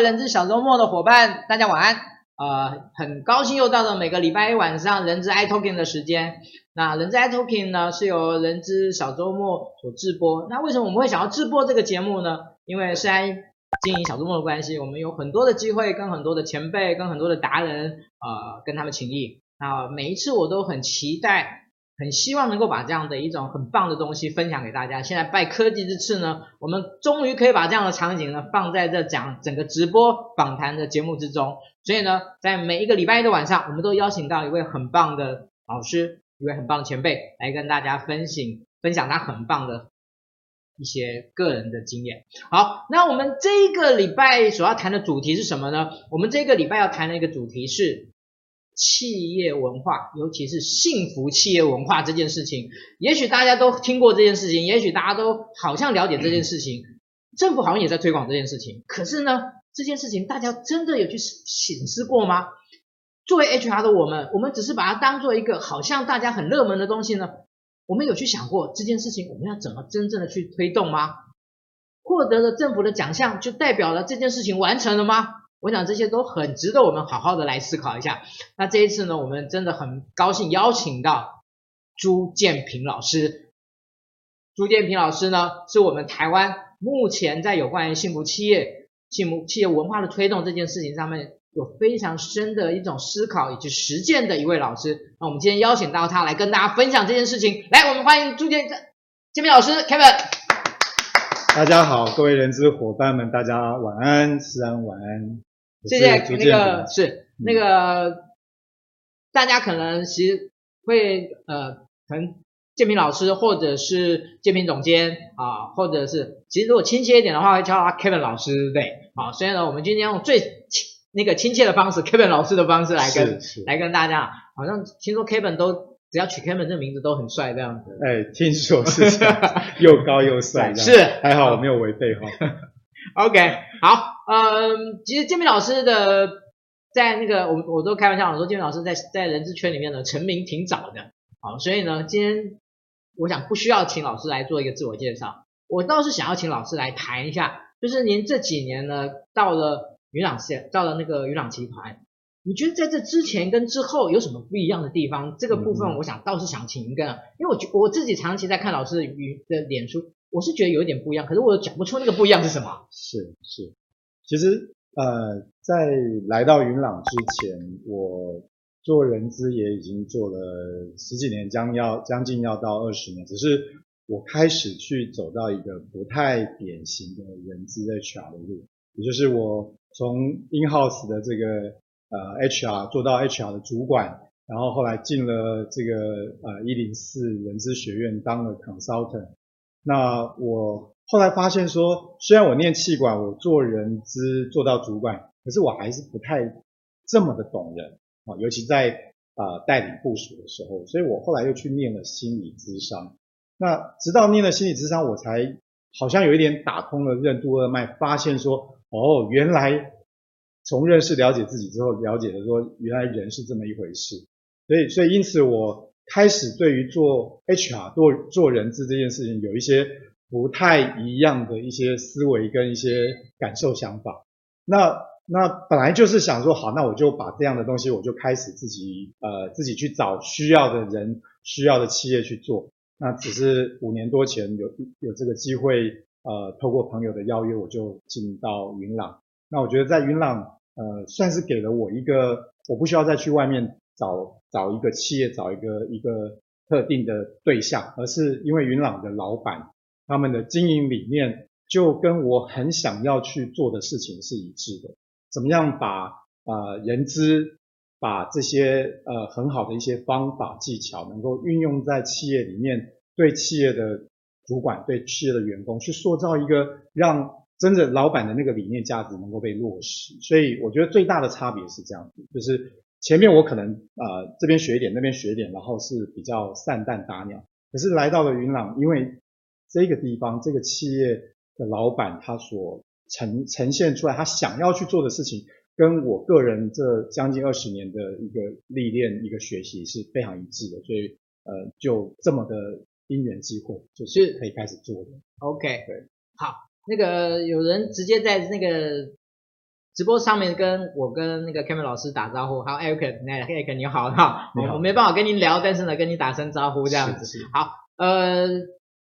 人資小週末的伙伴，大家晚安。呃，很高興又到了每個禮拜一晚上人資 i Talking 的時間。那人資 i Talking 呢，是由人資小週末所制播。那為什麼我們會想要制播這個節目呢？因為雖然經營小周末的關係，我們有很多的機會跟很多的前輩、跟很多的達人，呃，跟他們請益。那每一次我都很期待。很希望能夠把這樣的一種很棒的東西分享給大家。現在拜科技之賜呢，我們終於可以把這樣的場景呢，放在這講整個直播訪談的節目之中。所以呢，在每一個禮拜一的晚上，我們都邀請到一位很棒的老師，一位很棒的前輩來跟大家分享分享他很棒的一些個人的經驗。好，那我們這一個禮拜所要談的主題是什麼呢？我們這一個禮拜要談的一個主題是。企業文化，尤其是幸福企業文化這件事情，也許大家都聽過這件事情，也許大家都好像了解這件事情，政府好像也在推廣這件事情。可是呢，這件事情大家真的有去審視過嗎？作為 HR 的我們，我們只是把它當做一個好像大家很熱門的東西呢，我們有去想過這件事情我們要怎麼真正的去推動嗎？獲得了政府的獎項就代表了這件事情完成了嗎？我想這些都很值得我們好好的來思考一下。那這一次呢，我們真的很高興邀請到朱建平老師。朱建平老師呢，是我們台灣目前在有關於幸福企業、幸福企業文化的推動這件事情上面，有非常深的一種思考以及實踐的一位老師。那我們今天邀請到他來跟大家分享這件事情。來，我們歡迎朱建建平老師，Kevin。大家好，各位人資夥伴們，大家晚安，思安晚安。謝謝那個是那個、嗯，大家可能其實會呃，可能建平老師或者是建平總監啊，或者是其實如果親切一點的話，會叫他 Kevin 老師，對。好、啊，所以呢，我們今天用最親那個親切的方式、嗯、，Kevin 老師的方式來跟來跟大家，好像聽說 Kevin 都。只要取 Kevin 這個名字都很帥這樣子。哎，聽說是這樣又高又帥， 是還好我沒有違背哈。OK，好，呃，其實建平老師的在那個我我都開玩笑我說，建平老師在在人資圈裡面呢，成名挺早的，好，所以呢，今天我想不需要請老師來做一個自我介紹，我倒是想要請老師來談一下，就是您這幾年呢到了雲朗，到了那個雲朗集團你覺得在這之前跟之後有什麼不一樣的地方？這個部分我想、嗯、倒是想請雲根，因為我我自己長期在看老師的雲的臉書，我是覺得有一點不一樣，可是我講不出那個不一樣是什麼。是是，其實呃，在來到雲朗之前，我做人資也已經做了十幾年，將要將近要到二十年，只是我開始去走到一個不太典型的人資在 r 的路，也就是我從 Inhouse 的這個呃，HR 做到 HR 的主管，然後後來進了這個呃一零四人資學院當了 consultant。那我後來發現說，雖然我念企管，我做人資做到主管，可是我還是不太這麼的懂人，尤其在呃帶領部屬的時候，所以我後來又去念了心理諮商。那直到念了心理諮商，我才好像有一點打通了任督二脈，發現說，哦，原來。從認識了解自己之後，了解的說原來人是這麼一回事，所以所以因此我開始對於做 HR 做做人資這件事情有一些不太一樣的一些思維跟一些感受想法那。那那本來就是想說，好，那我就把這樣的東西我就開始自己呃自己去找需要的人需要的企業去做。那只是五年多前有有這個機會呃透過朋友的邀約，我就進到雲朗。那我覺得在雲朗。呃，算是給了我一個，我不需要再去外面找找一個企業，找一個一個特定的對象，而是因為雲朗的老板他們的經營理念就跟我很想要去做的事情是一致的。怎麼樣把呃人資把這些呃很好的一些方法技巧能夠運用在企業裡面，對企業的主管對企業的員工去塑造一個讓。真的，老闆的那個理念價值能夠被落實，所以我覺得最大的差別是這樣子，就是前面我可能啊、呃、這邊學一點，那邊學一點，然後是比較散彈打鳥。可是來到了雲朗，因為這個地方這個企業的老闆他所呈呈現出來他想要去做的事情，跟我個人這將近二十年的一個歷練一個學習是非常一致的，所以呃就這麼的因緣際會，就是可以開始做的。對 OK，對，好。那個有人直接在那個直播上面跟我跟那個 Kevin 老師打招呼，好，Eric，Eric、欸、你好，你好，你好，我沒辦法跟您聊，但是呢跟你打聲招呼這樣子，好，呃，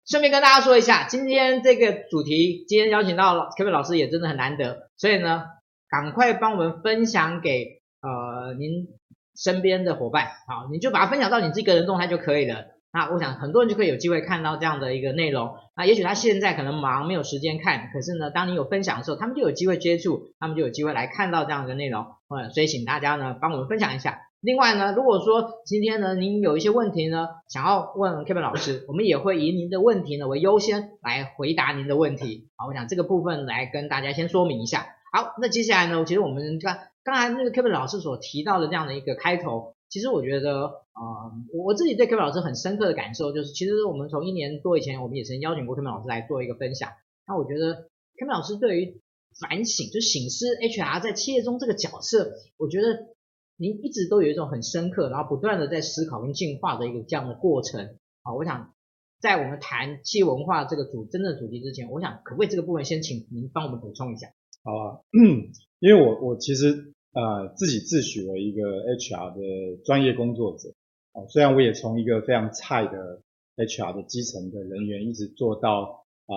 順便跟大家說一下，今天這個主題，今天邀請到了 Kevin 老師也真的很難得，所以呢，趕快幫我們分享給，呃，您身邊的夥伴，好，你就把它分享到你自己個人動態就可以了。那我想很多人就可以有機會看到這樣的一個內容。那也許他現在可能忙沒有時間看，可是呢，當你有分享的時候，他們就有機會接觸，他們就有機會來看到這樣的內容。呃、嗯、所以請大家呢幫我們分享一下。另外呢，如果說今天呢您有一些問題呢想要問 Kevin 老師，我們也會以您的問題呢為優先來回答您的問題。好，我想這個部分來跟大家先說明一下。好，那接下來呢，其實我們看，剛才那個 Kevin 老師所提到的這樣的一個開頭。其實我覺得，啊、呃，我自己對 Kevin 老師很深刻的感受就是，其實我們從一年多以前，我們也曾邀請過 Kevin 老師來做一個分享。那我覺得 Kevin 老師對於反省，就省思 HR 在企業中這個角色，我覺得您一直都有一種很深刻，然後不斷的在思考跟進化的一個這樣的過程。好，我想在我們談企業文化這個主真正的主題之前，我想可不可以這個部分先請您幫我們補充一下，好不、啊、好、嗯？因為我我其實。呃，自己自詡為一個 HR 的專業工作者啊，呃，雖然我也從一個非常菜的 HR 的基層的人員，一直做到呃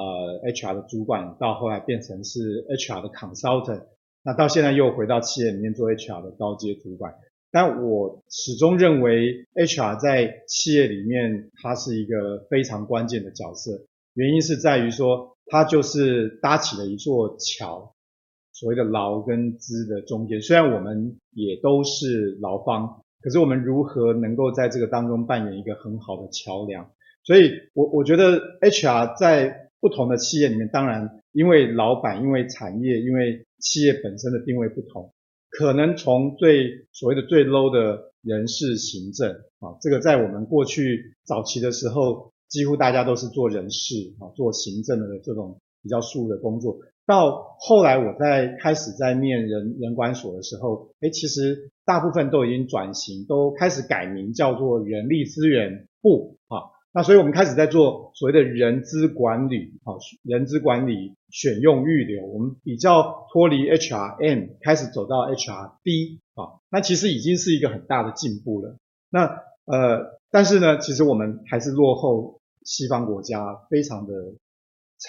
HR，嗯呃，的主管，到後來變成是 HR 的 consultant，那到現在又回到企業裡面做 HR 的高階主管，但我始終認為 HR 在企業裡面它是一個非常關鍵的角色，原因是在於說它就是搭起了一座橋。所謂的勞跟資的中間，雖然我們也都是勞方，可是我們如何能夠在這個當中扮演一個很好的橋樑？所以我，我我覺得 HR 在不同的企業裡面，當然因為老闆、因為產業、因為企業本身的定位不同，可能從最所謂的最 low 的人事行政啊，這個在我們過去早期的時候，幾乎大家都是做人事啊、做行政的這種比較素的工作。到後來，我在開始在念人，人管所的時候，哎，其實大部分都已經轉型，都開始改名叫做人力資源部，啊，那所以我們開始在做所謂的人資管理，啊，人資管理選用育留，我們比較脫離 HRM，開始走到 HRD，啊，那其實已經是一個很大的進步了。那呃，但是呢，其實我們還是落後西方國家非常的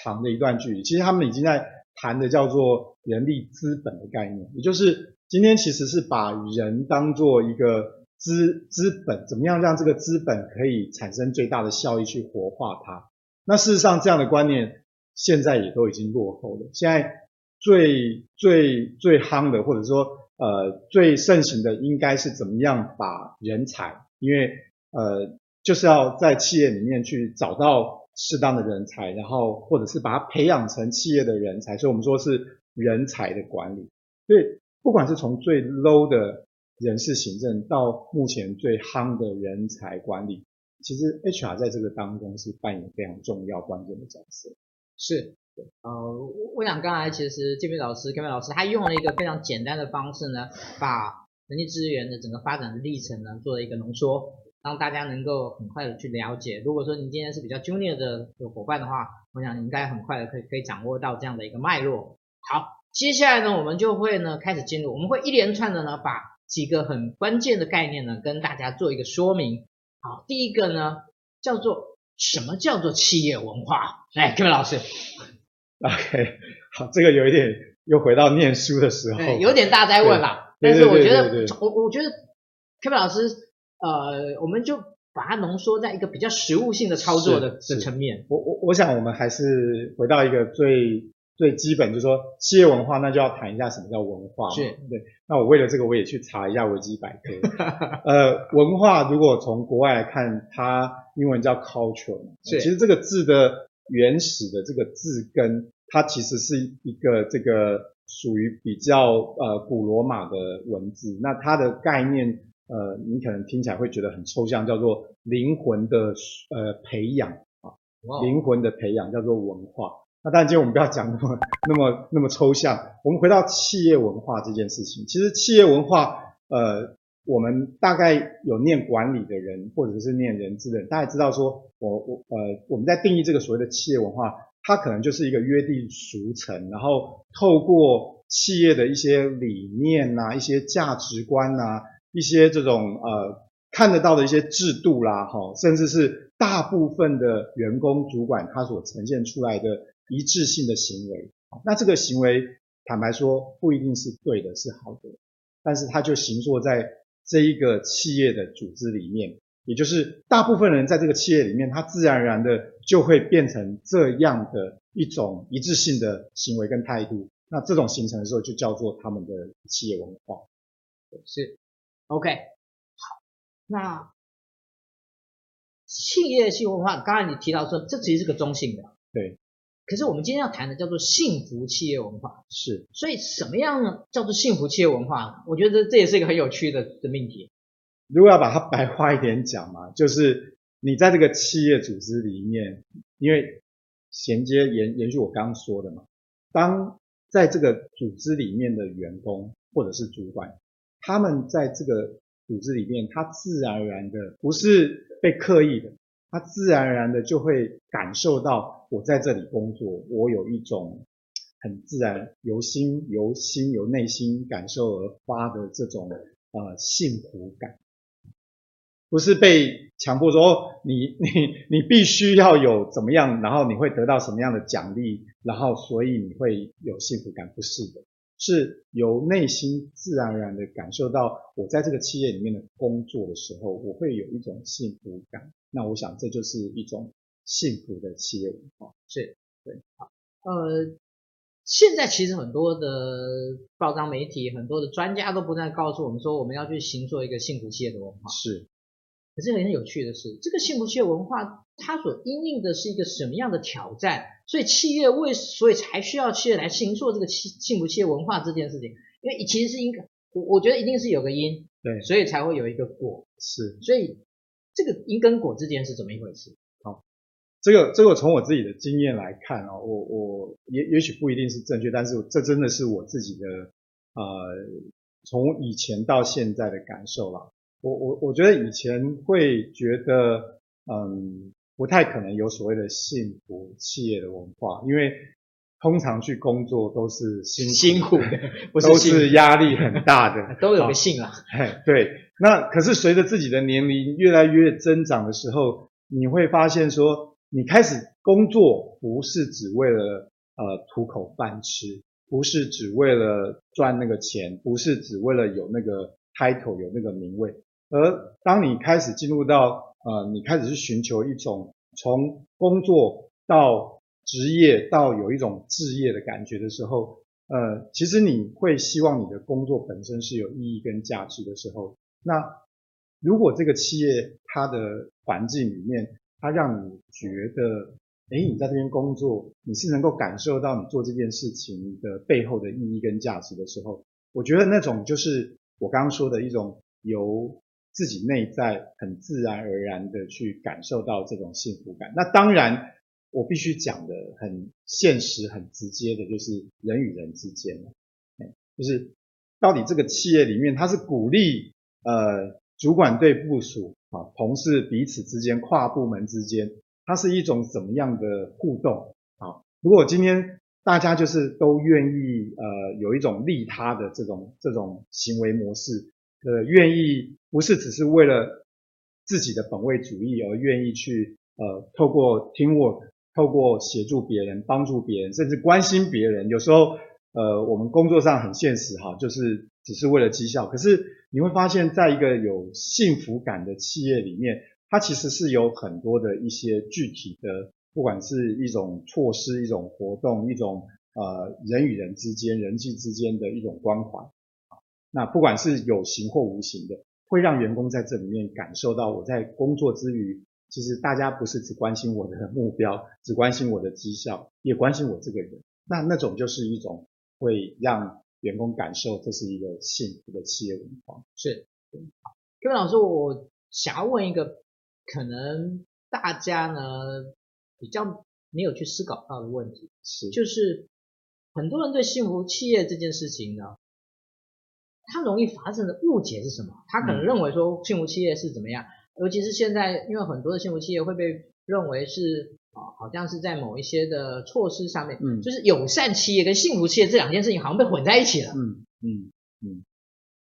長的一段距離，其實他們已經在。談的叫做人力資本的概念，也就是今天其實是把人當做一個資資本，怎麼樣讓這個資本可以產生最大的效益，去活化它。那事實上這樣的觀念現在也都已經落後了。現在最最最夯的，或者說呃最盛行的，應該是怎麼樣把人才，因為呃就是要在企業裡面去找到。適當的人才，然後或者是把它培養成企業的人才，所以我們說是人才的管理。所以不管是從最 low 的人事行政到目前最夯的人才管理，其實 HR 在這個當中是扮演非常重要關鍵的角色。是，呃，我想剛才其實建平老師、Kevin 老師，他用了一個非常簡單的方式呢，把人力資源的整個發展的歷程呢，做了一個濃縮。讓大家能夠很快的去了解。如果說你今天是比較 junior 的夥伴的話，我想你應該很快的可以可以掌握到這樣的一個脈絡。好，接下來呢，我們就會呢開始進入，我們會一連串的呢把幾個很關鍵的概念呢跟大家做一個說明。好，第一個呢叫做什麼叫做企業文化？來，哎，Kevin 老師。OK，好，這個有一點又回到唸書的時候，哎，有點大哉問啦，但是我覺得我我覺得 Kevin 老師。呃，我們就把它濃縮在一個比較實務性的操作的層面。我我我想，我們還是回到一個最最基本，就是說企業文化，那就要談一下什麼叫文化。是。對。那我為了這個，我也去查一下維基百科。 呃，文化如果從國外來看，它英文叫 culture，呃，其實這個字的原始的這個字根，它其實是一個這個屬於比較呃古羅馬的文字。那它的概念。呃，你可能聽起來會覺得很抽象，叫做靈魂的呃培養啊，Wow. 靈魂的培養叫做文化。那當然，今天我們不要講那麼那麼那麼抽象，我們回到企業文化這件事情。其實企業文化，呃，我們大概有念管理的人，或者是念人資的人，大家也知道說，我我呃，我們在定義這個所謂的企業文化，它可能就是一個約定俗成，然後透過企業的一些理念吶、啊，一些價值觀吶、啊。一些這種呃看得到的一些制度啦，哈，甚至是大部分的員工主管他所呈現出來的一致性的行為，那這個行為坦白說不一定是對的，是好的，但是它就形塑在這一個企業的組織裡面，也就是大部分人在這個企業裡面，他自然而然的就會變成這樣的一種一致性的行為跟態度，那這種形成的時候就叫做他們的企業文化，是。OK，好，那企業性文化，剛才你提到說，這其實是個中性的，對。可是我們今天要談的叫做幸福企業文化，是。所以什麼樣叫做幸福企業文化？我覺得這也是一個很有趣的的命題。如果要把它白話一點講嘛，就是你在這個企業組織裡面，因為銜接延延續我剛剛說的嘛，當在這個組織裡面的員工或者是主管。他們在這個組織裡面，他自然而然的，不是被刻意的，他自然而然的就會感受到，我在這裡工作，我有一種很自然、由心、由心、由內心感受而發的這種呃幸福感，不是被強迫說、哦、你、你、你必須要有怎麼樣，然後你會得到什麼樣的獎勵，然後所以你會有幸福感，不是的。是由內心自然而然的感受到，我在這個企業裡面的工作的時候，我會有一種幸福感。那我想這就是一種幸福的企業文化。是，對，好，呃，現在其實很多的報章媒體，很多的專家都不再告訴我們說，我們要去形塑一個幸福企業的文化。是。可是很有趣的是，這個幸福企業文化，它所因應的是一個什麼樣的挑戰？所以企業為，所以才需要企業來形塑這個幸福企業文化這件事情，因為其實是應該，我我覺得一定是有個因，對，所以才會有一個果，是，所以這個因跟果之間是怎麼一回事？啊、哦，這個這個我從我自己的經驗來看啊、哦，我我也也許不一定是正確，但是這真的是我自己的呃從以前到現在的感受了。我我我覺得以前會覺得，嗯，不太可能有所謂的幸福企業的文化，因為通常去工作都是辛苦的，辛苦是辛苦，都是壓力很大的， 都有個幸啊、嗯。對，那可是隨着自己的年齡越來越增長的時候，你會發現說，你開始工作不是只為了呃糊口飯吃，不是只為了賺那個錢，不是只為了有那個 title 有那個名位。而當你開始進入到呃，你開始去尋求一種從工作到職業到有一種志業的感覺的時候，呃，其實你會希望你的工作本身是有意義跟價值的時候。那如果這個企業它的環境裡面，它讓你覺得，哎，你在這邊工作，你是能夠感受到你做這件事情的背後的意義跟價值的時候，我覺得那種就是我剛剛說的一種由。自己內在很自然而然的去感受到這種幸福感。那當然，我必須講的很現實、很直接的，就是人與人之間、嗯，就是到底這個企業裡面，它是鼓勵呃主管對部屬啊，同事彼此之間、跨部門之間，它是一種怎麼樣的互動啊？如果今天大家就是都願意呃有一種利他的這種這種行為模式。呃，願意不是只是為了自己的本位主義而願意去呃，透過 teamwork，透過協助別人、幫助別人，甚至關心別人。有時候，呃，我們工作上很現實哈，就是只是為了績效。可是你會發現在一個有幸福感的企業裡面，它其實是有很多的一些具體的，不管是一種措施、一種活動、一種呃人與人之間、人際之間的一種關懷。那不管是有形或無形的，會讓員工在這裡面感受到，我在工作之餘，其實大家不是只關心我的目標，只關心我的績效，也關心我這個人。那那種就是一種會讓員工感受這是一個幸福的企業文化。是，各位老師，我想要問一個可能大家呢比較沒有去思考到的問題，是，就是很多人對幸福企業這件事情呢，它容易發生的誤解是什麼？他可能認為說幸福企業是怎麼樣，嗯、尤其是現在，因為很多的幸福企業會被認為是、哦，好像是在某一些的措施上面，嗯，就是友善企業跟幸福企業這兩件事情好像被混在一起了，嗯嗯嗯，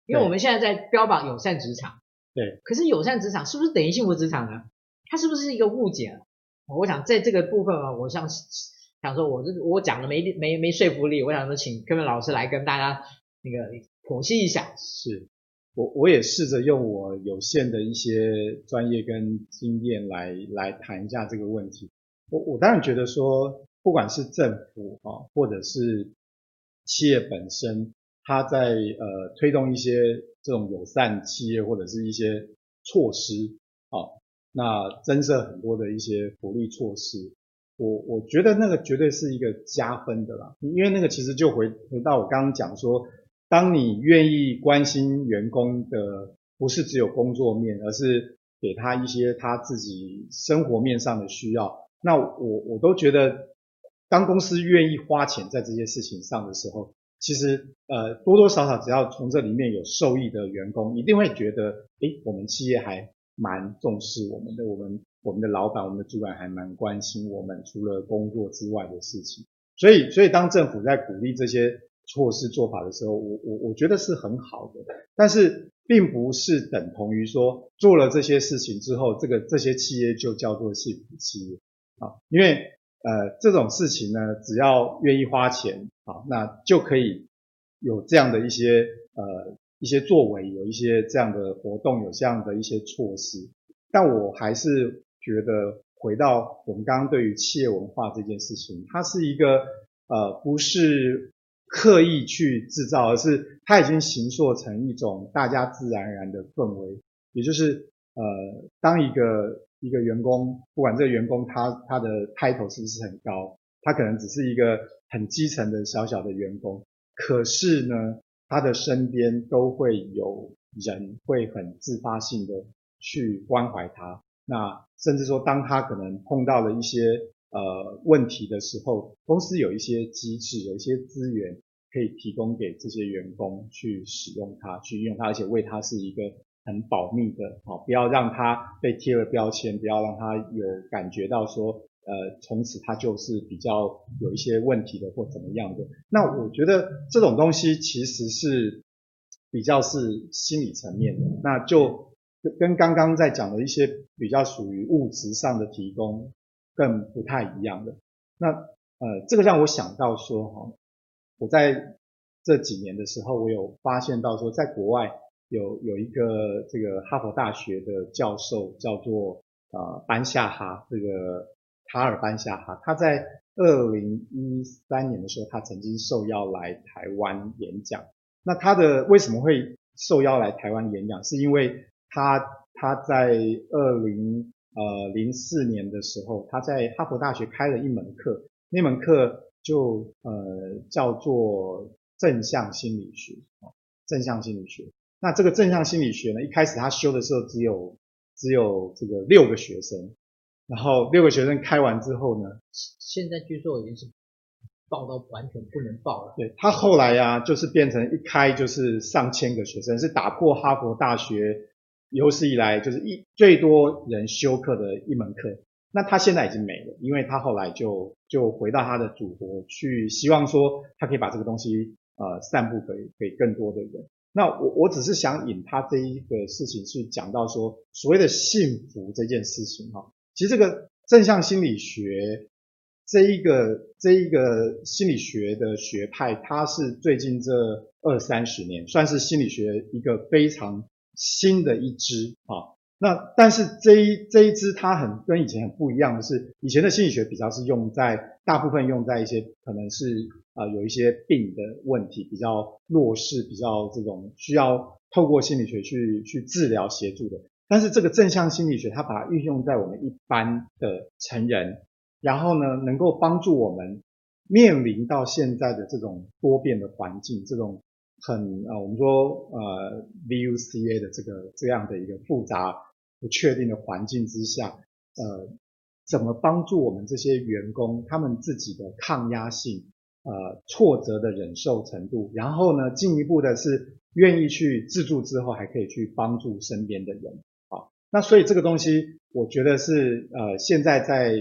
因為我們現在在標榜友善職場，對，可是友善職場是不是等於幸福職場呢？它是不是一個誤解了？我想在這個部分啊，我想想說我，我這我講的沒沒沒說服力，我想說請科文老師來跟大家那個。剖析一下，是我我也試着用我有限的一些專業跟經驗來來談一下這個問題。我我當然覺得說，不管是政府啊，或者是企業本身，它在呃推動一些這種友善企業或者是一些措施啊、哦，那增設很多的一些福利措施，我我覺得那個絕對是一個加分的啦，因為那個其實就回回到我剛剛講說。當你願意關心員工的，不是只有工作面，而是給他一些他自己生活面上的需要。那我我都覺得，當公司願意花錢在這些事情上的時候，其實呃多多少少只要從這裡面有受益的員工，一定會覺得，誒我們企業還蠻重視我們的，我們我們的老闆、我們的主管還蠻關心我們除了工作之外的事情。所以所以當政府在鼓勵這些。措施做法的時候，我我我覺得是很好的，但是並不是等同於說，做了這些事情之後，這個這些企業就叫做幸福企業啊，因為呃這種事情呢，只要願意花錢啊，那就可以有這樣的一些呃一些作為，有一些這樣的活動，有這樣的一些措施。但我還是覺得回到我們剛剛對於企業文化這件事情，它是一個呃不是。刻意去制造，而是他已經形塑成一種大家自然而然的氛圍。也就是，呃，當一個一個員工，不管這個員工他他的 title 是不是很高，他可能只是一個很基層的小小的員工，可是呢，他的身邊都會有人會很自發性的去關懷他。那甚至說，當他可能碰到了一些。呃，問題的時候，公司有一些機制，有一些資源可以提供給這些員工去使用它，去用它，而且為它是一個很保密的，好，不要讓它被貼了標籤，不要讓它有感覺到說，呃，從此它就是比較有一些問題的或怎麼樣的。那我覺得這種東西其實是比較是心理層面的，那就跟剛剛在講的一些比較屬於物質上的提供，更不太一樣的那，呃，這個讓我想到說哈，我在這幾年的時候，我有發現到說，在國外有有一個這個哈佛大學的教授叫做呃班夏哈，這個塔爾班夏哈，他在二零一三年的時候，他曾經受邀來台灣演講。那他的為什麼會受邀來台灣演講？是因為他他在二零。呃，零四年的時候，他在哈佛大學開了一門課，那門課就呃叫做正向心理學。正向心理學，那這個正向心理學呢，一開始他修的時候只有只有這個六個學生，然後六個學生開完之後呢，現在據說已經是報到完全不能報了。對，他後來啊，就是變成一開就是上千個學生，是打破哈佛大學。有史以來就是一最多人修課的一門課，那他現在已經沒了，因為他後來就就回到他的祖國去，希望說他可以把這個東西呃散布給給更多的人。那我我只是想引他這一個事情去講到說所謂的幸福這件事情哈，其實這個正向心理學這一個這一個心理學的學派，他是最近這二三十年算是心理學一個非常。新的一支啊，那但是這一這一支它很跟以前很不一樣的是，以前的心理學比較是用在大部分用在一些可能是啊有一些病的問題，比較弱勢，比較這種需要透過心理學去去治療協助的，但是這個正向心理學它把它運用在我們一般的成人，然後呢，能夠幫助我們面臨到現在的這種多變的環境這種。很啊，我們說呃，VUCA 的這個這樣的一個複雜、不確定的環境之下，呃，怎麼幫助我們這些員工他們自己的抗壓性、呃，挫折的忍受程度，然後呢，進一步的是願意去自助之後，還可以去幫助身邊的人。好。那所以這個東西，我覺得是呃，現在在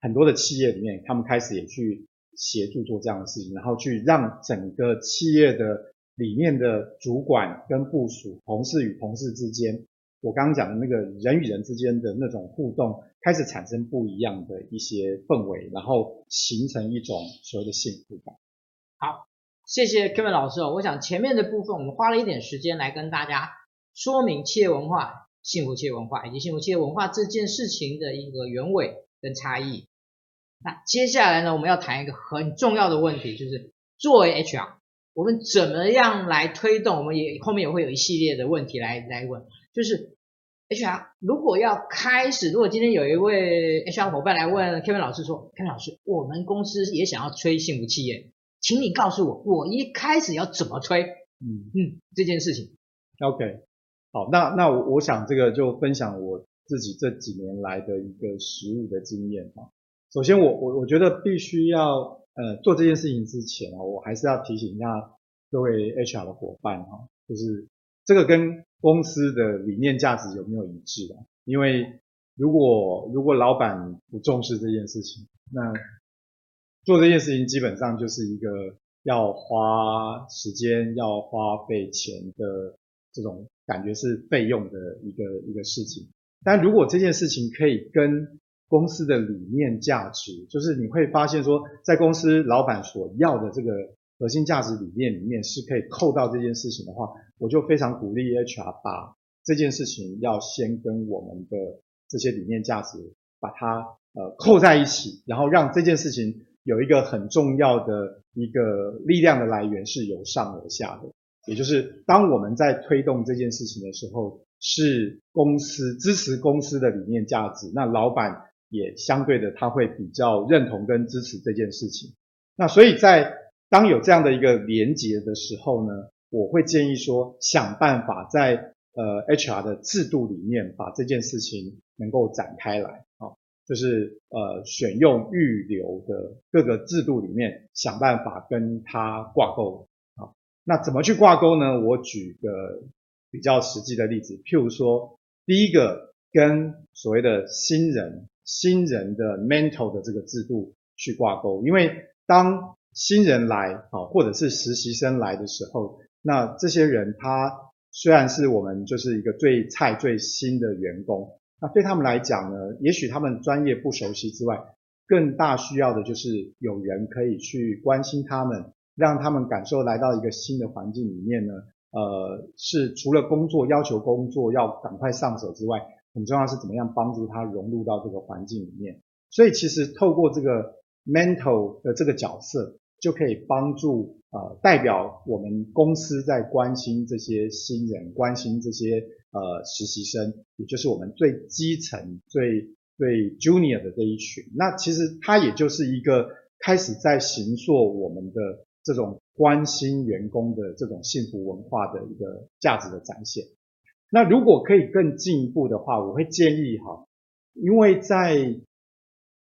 很多的企業裡面，他們開始也去協助做這樣的事情，然後去讓整個企業的。裡面的主管跟部屬，同事與同事之間，我剛剛講的那個人與人之間的那種互動，開始產生不一樣的一些氛圍，然後形成一種所謂的幸福感。好，謝謝 Kevin 老師哦，我想前面的部分，我們花了一點時間來跟大家說明企業文化、幸福企業文化以及幸福企業文化這件事情的一個原委跟差異。那接下來呢，我們要談一個很重要的問題，就是作為 HR。我們怎麼樣來推動？我們也後面也會有一系列的問題來來問，就是 HR 如果要開始，如果今天有一位 HR 夥伴來問 Kevin 老師說、mm.：“Kevin 老師，我們公司也想要吹幸福企業，請你告訴我，我一開始要怎麼吹？”嗯、mm. 嗯，這件事情。OK，好，那那我我想這個就分享我自己這幾年來的一個實務的經驗。首先我，我我我覺得必須要。呃，做這件事情之前，我還是要提醒一下各位 HR 的夥伴哈，就是這個跟公司的理念價值有沒有一致啊？因為如果如果老板不重視這件事情，那做這件事情基本上就是一個要花時間、要花費錢的這種感覺是費用的一個一個事情。但如果這件事情可以跟公司的理念價值，就是你會發現說，在公司老板所要的這個核心價值理念裡面，是可以扣到這件事情的話，我就非常鼓勵 HR 把這件事情要先跟我們的這些理念價值把它呃扣在一起，然後讓這件事情有一個很重要的一個力量的來源是由上而下的，也就是當我們在推動這件事情的時候，是公司支持公司的理念價值，那老板。也相對的，他會比較認同跟支持這件事情。那所以在當有這樣的一個連結的時候呢，我會建議說，想辦法在呃 HR 的制度裡面把這件事情能夠展開來，好、哦，就是呃選用預留的各個制度裡面想辦法跟他掛鈎，好、哦，那怎麼去掛鈎呢？我舉個比較實際的例子，譬如說第一個跟所謂的新人。新人的 mentor 的這個制度去掛鈎，因為當新人來啊，或者是實習生來的時候，那這些人他雖然是我們就是一個最菜最新的員工，那對他們來講呢，也許他們專業不熟悉之外，更大需要的就是有人可以去關心他們，讓他們感受來到一個新的環境裡面呢，呃，是除了工作要求工作要趕快上手之外。很重要是怎麼樣幫助他融入到這個環境裡面，所以其實透過這個 mentor 的這個角色，就可以幫助呃代表我們公司在關心這些新人，關心這些呃實習生，也就是我們最基層、最最 junior 的這一群。那其實他也就是一個開始在形塑我們的這種關心員工的這種幸福文化的一個價值的展現。那如果可以更進一步的話，我會建議哈，因為在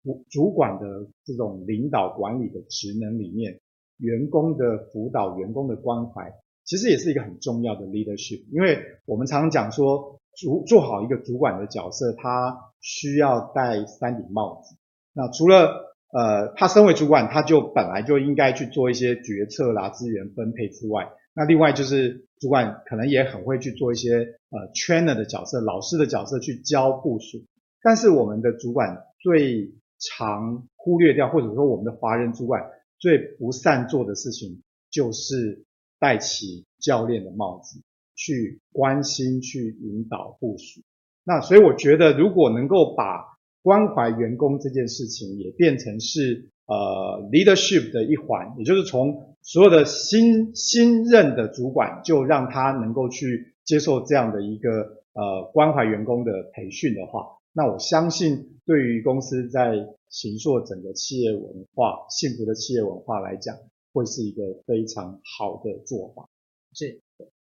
主主管的這種領導管理的職能裡面，員工的輔導、員工的關懷，其實也是一個很重要的 leadership。因為我們常常講說，主做好一個主管的角色，他需要戴三頂帽子。那除了呃，他身為主管，他就本來就應該去做一些決策啦、資源分配之外。那另外就是主管可能也很會去做一些呃 trainer 的角色、老師的角色去教部屬，但是我們的主管最常忽略掉，或者說我們的華人主管最不善做的事情，就是戴起教練的帽子去關心、去引導部屬。那所以我覺得，如果能夠把關懷員工這件事情也變成是呃 leadership 的一環，也就是從所有的新、新任的主管，就讓他能夠去接受這樣的一個呃關懷員工的培訓的話，那我相信對於公司在形塑整個企業文化、幸福的企業文化來講，會是一個非常好的做法。是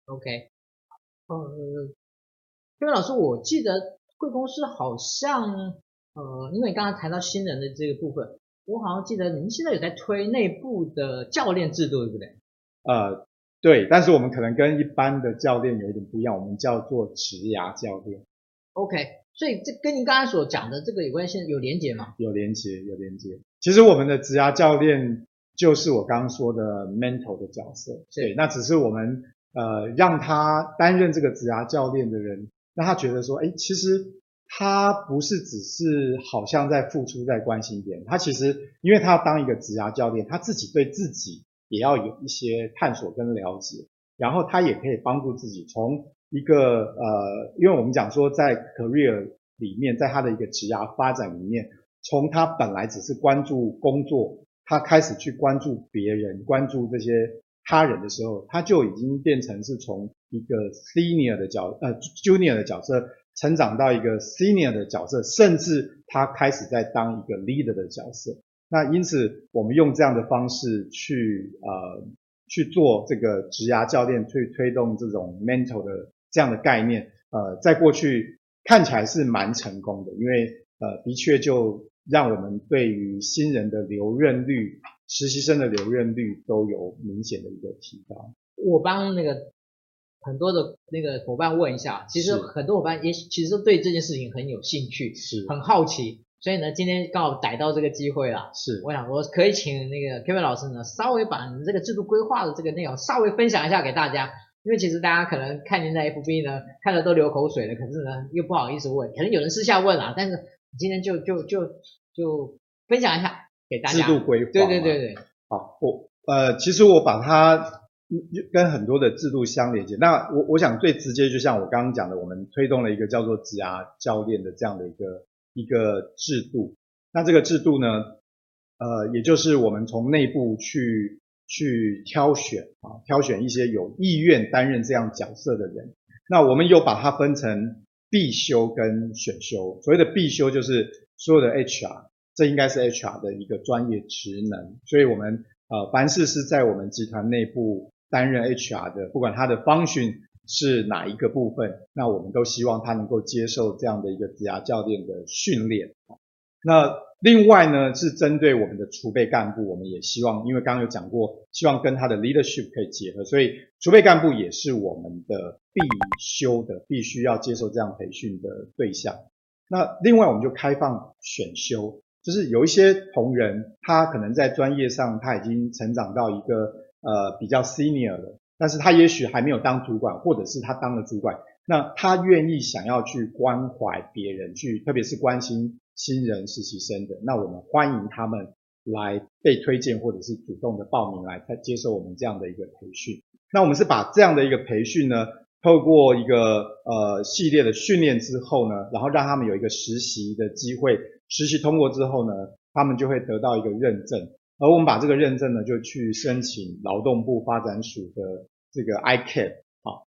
，OK，呃，佩文老師，我記得貴公司好像呃，因為你剛剛談到新人的這個部分。我好像記得您現在有在推內部的教練制度，對不對？呃，對，但是我們可能跟一般的教練有一點不一樣，我們叫做職涯教練。OK，所以這跟您剛才所講的這個有關係，有連接嗎？有連接，有連接。其實我們的職涯教練就是我剛剛說的 Mentor 的角色，對，那只是我們呃讓他擔任這個職涯教練的人，讓他覺得說，哎，其實。他不是只是好像在付出在關心別人，他其實，因為他要當一個職涯教練，他自己對自己也要有一些探索跟了解，然後他也可以幫助自己從一個呃，因為我們講說在 career 裡面，在他的一個職涯發展裡面，從他本來只是關注工作，他開始去關注別人，關注這些他人的時候，他就已經變成是從一個 senior 的角，呃，junior 的角色。成長到一個 senior 的角色，甚至他開始在當一個 leader 的角色。那因此，我們用這樣的方式去呃去做這個職涯教練，去推，推動這種 mentor 的這樣的概念。呃，在過去看起來是蠻成功的，因為呃的確就讓我們對於新人的留任率、實習生的留任率都有明顯的一個提高。我幫那個。很多的那個夥伴問一下，其實很多夥伴也其實對這件事情很有興趣，是很好奇。所以呢，今天剛好逮到這個機會了，是我想說可以請那個 Kevin 老師呢，稍微把你們這個制度規劃的這個內容稍微分享一下給大家。因為其實大家可能看您在 F B 呢，看了都流口水了，可是呢又不好意思問，可能有人私下問啦。但是今天就就就就分享一下給大家。制度規劃，對，對對對對。好，我、哦、呃其實我把它。跟很多的制度相連接。那我我想最直接，就像我剛剛講的，我們推動了一個叫做職涯教練的這樣的一個一個制度。那這個制度呢，呃，也就是我們從內部去去挑選啊，挑選一些有意願擔任這樣角色的人。那我們又把它分成必修跟選修。所謂的必修就是所有的 HR，這應該是 HR 的一個專業職能。所以我們呃，凡是是在我們集團內部。擔任 HR 的，不管他的方 n 是哪一個部分，那我們都希望他能夠接受這樣的一個職牙教練的訓練。那另外呢，是針對我們的儲備幹部，我們也希望，因為剛剛有講過，希望跟他的 leadership 可以結合，所以儲備幹部也是我們的必修的，必須要接受這樣培訓的對象。那另外，我們就開放選修，就是有一些同仁，他可能在專業上他已經成長到一個。呃，比較 senior 的，但是他也許還沒有當主管，或者是他當了主管，那他願意想要去關懷別人，去特別是關心新人實習生的，那我們歡迎他們來被推薦或者是主動的報名來來接受我們這樣的一個培訓。那我們是把這樣的一個培訓呢，透過一個呃系列的訓練之後呢，然後讓他們有一個實習的機會，實習通過之後呢，他們就會得到一個認證。而我們把這個認證呢，就去申請勞動部發展署的這個 iCAP，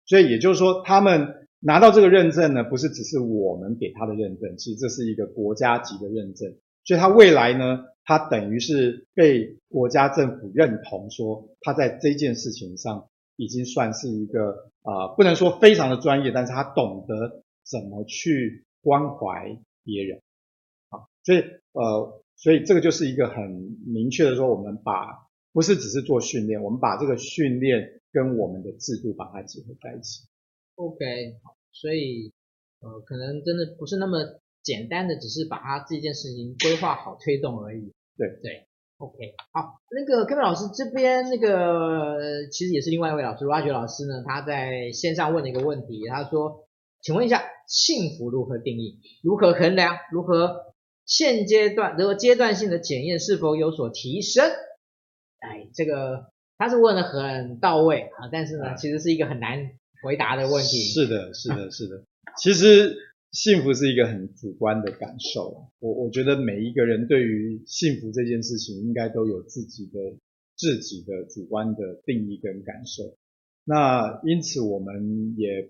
所以也就是說，他們拿到這個認證呢，不是只是我們給他的認證，其實這是一個國家級的認證，所以他未來呢，他等於是被國家政府認同，說他在這件事情上已經算是一個啊、呃，不能說非常的專業，但是他懂得怎麼去關懷別人，好、啊，所以呃。所以這個就是一個很明確的說，我們把不是只是做訓練，我們把這個訓練跟我們的制度把它結合在一起。OK，好。所以呃可能真的不是那麼簡單的，只是把它這件事情規劃好推動而已。對對，OK，好，那個 Kevin 老師這邊那個其實也是另外一位老師，羅學老師呢，他在線上問了一個問題，他說，請問一下，幸福如何定義？如何衡量？如何？現階段如果階段性的檢驗是否有所提升？哎，這個他是問得很到位啊，但是呢、嗯，其實是一個很難回答的問題。是的，是的，是的。 其實幸福是一個很主觀的感受，我我覺得每一個人對於幸福這件事情，應該都有自己的自己的主觀的定義跟感受。那因此我們也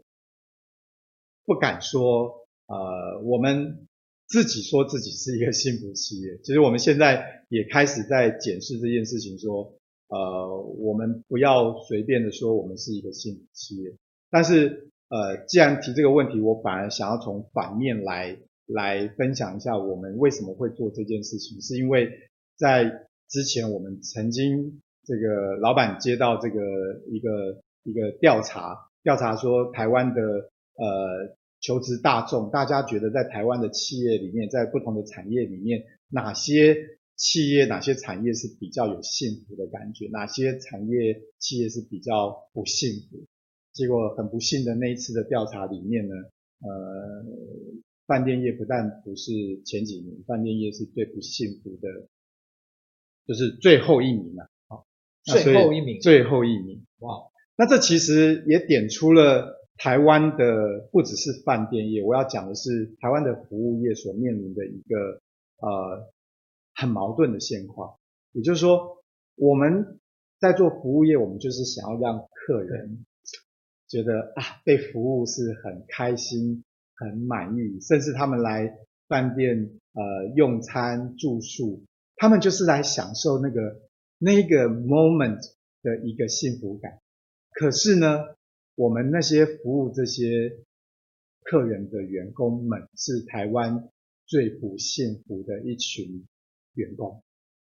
不敢說，呃，我們。自己說自己是一個幸福企業，其實我們現在也開始在檢視這件事情，說，呃，我們不要隨便的說我們是一個幸福企業。但是，呃，既然提這個問題，我反而想要從反面來來分享一下我們為什麼會做這件事情，是因為在之前我們曾經這個老闆接到這個一個一個調查，調查說台灣的呃。求職大眾，大家覺得在台灣的企業裡面，在不同的產業裡面，哪些企業、哪些產業是比較有幸福的感覺？哪些產業、企業是比較不幸福？結果很不幸的那一次的調查裡面呢，呃，飯店業不但不是前幾名，飯店業是最不幸福的，就是最後一名了、啊。最後一名，最後一名。哇、wow，那這其實也點出了。台灣的不只是飯店業，我要講的是台灣的服務業所面臨的一個呃很矛盾的現況。也就是說，我們在做服務業，我們就是想要讓客人覺得啊被服務是很開心、很滿意，甚至他們來飯店呃用餐、住宿，他們就是來享受那個那個 moment 的一個幸福感。可是呢，我們那些服務這些客人的員工們，是台灣最不幸福的一群員工。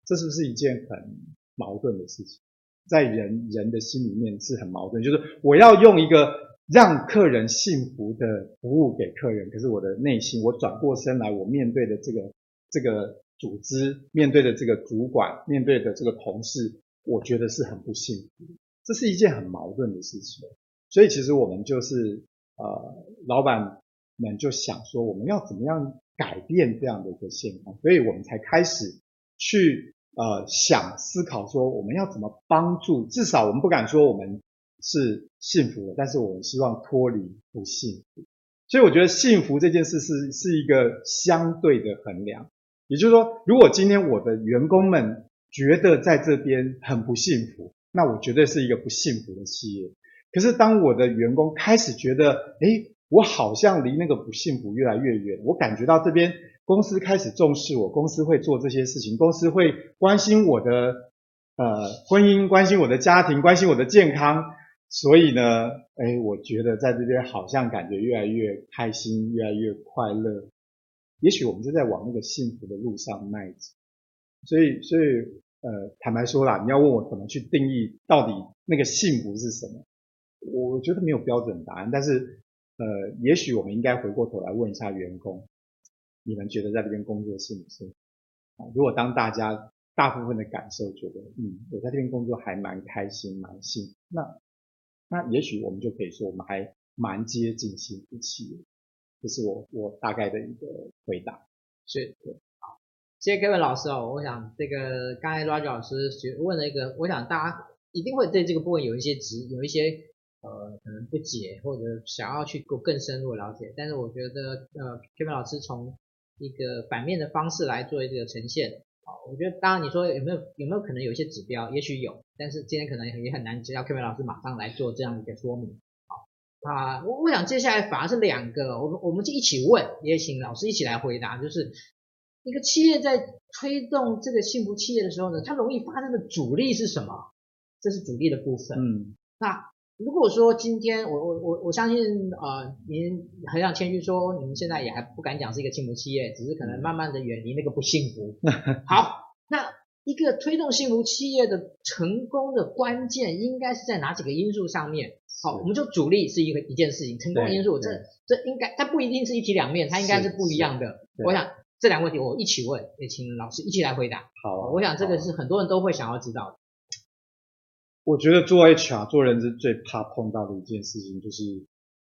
這是不是一件很矛盾的事情？在人人的心裡面是很矛盾，就是我要用一個讓客人幸福的服務給客人，可是我的內心，我轉過身來，我面對的這個這個組織，面對的這個主管，面對的這個同事，我覺得是很不幸福。這是一件很矛盾的事情。所以其實我們就是呃老闆們就想說，我們要怎麼樣改變這樣的一個現狀，所以我們才開始去呃想思考說，我們要怎麼幫助，至少我們不敢說我們是幸福的，但是我們希望脫離不幸福。所以我覺得幸福這件事是是一個相對的衡量，也就是說，如果今天我的員工們覺得在這邊很不幸福，那我絕對是一個不幸福的企業。可是，當我的員工開始覺得，哎，我好像離那個不幸福越來越遠。我感覺到這邊公司開始重視我，公司會做這些事情，公司會關心我的呃婚姻，關心我的家庭，關心我的健康。所以呢，哎，我覺得在這邊好像感覺越來越開心，越來越快樂。也許我們就在往那個幸福的路上邁進。所以，所以，呃，坦白說啦，你要問我怎麼去定義到底那個幸福是什麼？我覺得沒有標準答案，但是呃，也許我們應該回過頭來問一下員工，你們覺得在這邊工作幸不幸福？如果當大家大部分的感受覺得，嗯，我在這邊工作還蠻開心、蠻幸福，那那也許我們就可以說，我們還蠻接近幸福企業。這是我我大概的一個回答。所以，好，謝謝各位老師哦。我想這個剛才 Roger 老師問了一個，我想大家一定會對這個部分有一些疑，有一些。呃，可能不解或者想要去更更深入了解，但是我覺得呃，Kevin 老師從一個反面的方式來做一個呈現。好，我覺得當然你說有沒有有沒有可能有一些指標，也許有，但是今天可能也很難叫 Kevin 老師馬上來做這樣一個說明，好，我、啊、我想接下來反而是兩個，我們我們就一起問，也請老師一起來回答，就是一個企業在推動這個幸福企業的時候呢，它容易發生的阻力是什麼？這是阻力的部分，嗯，那。如果說今天我我我我相信啊，您、呃、很想謙虛說，你們現在也還不敢講是一個幸福企業，只是可能慢慢的遠離那個不幸福。 好，那一個推動幸福企業的成功的關鍵，應該是在哪幾個因素上面？好，我、哦、們就主力是一個一件事情，成功因素，這這應該它不一定是一體兩面，它應該是不一樣的。我想這兩個問題我一起問，也請老師一起來回答。好，啊好啊，我想這個是很多人都會想要知道的。我覺得做 HR 做人是最怕碰到的一件事情，就是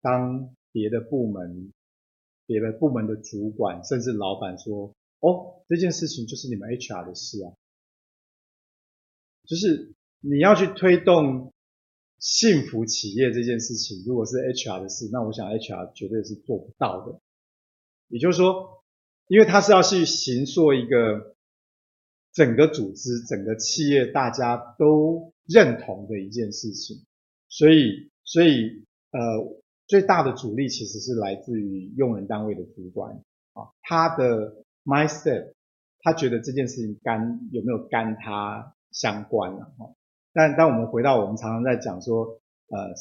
當別的部門、別的部門的主管甚至老闆說：“哦，這件事情就是你們 HR 的事啊。”就是你要去推動幸福企業這件事情，如果是 HR 的事，那我想 HR 絕對是做不到的。也就是說，因為他是要去形塑一個整個組織、整個企業大家都。認同的一件事情，所以所以呃，最大的阻力其實是來自於用人單位的主管啊，哦，他的 mindset，他覺得這件事情干有沒有干他相關了、啊、哈、哦。但當我們回到我們常常在講說，呃，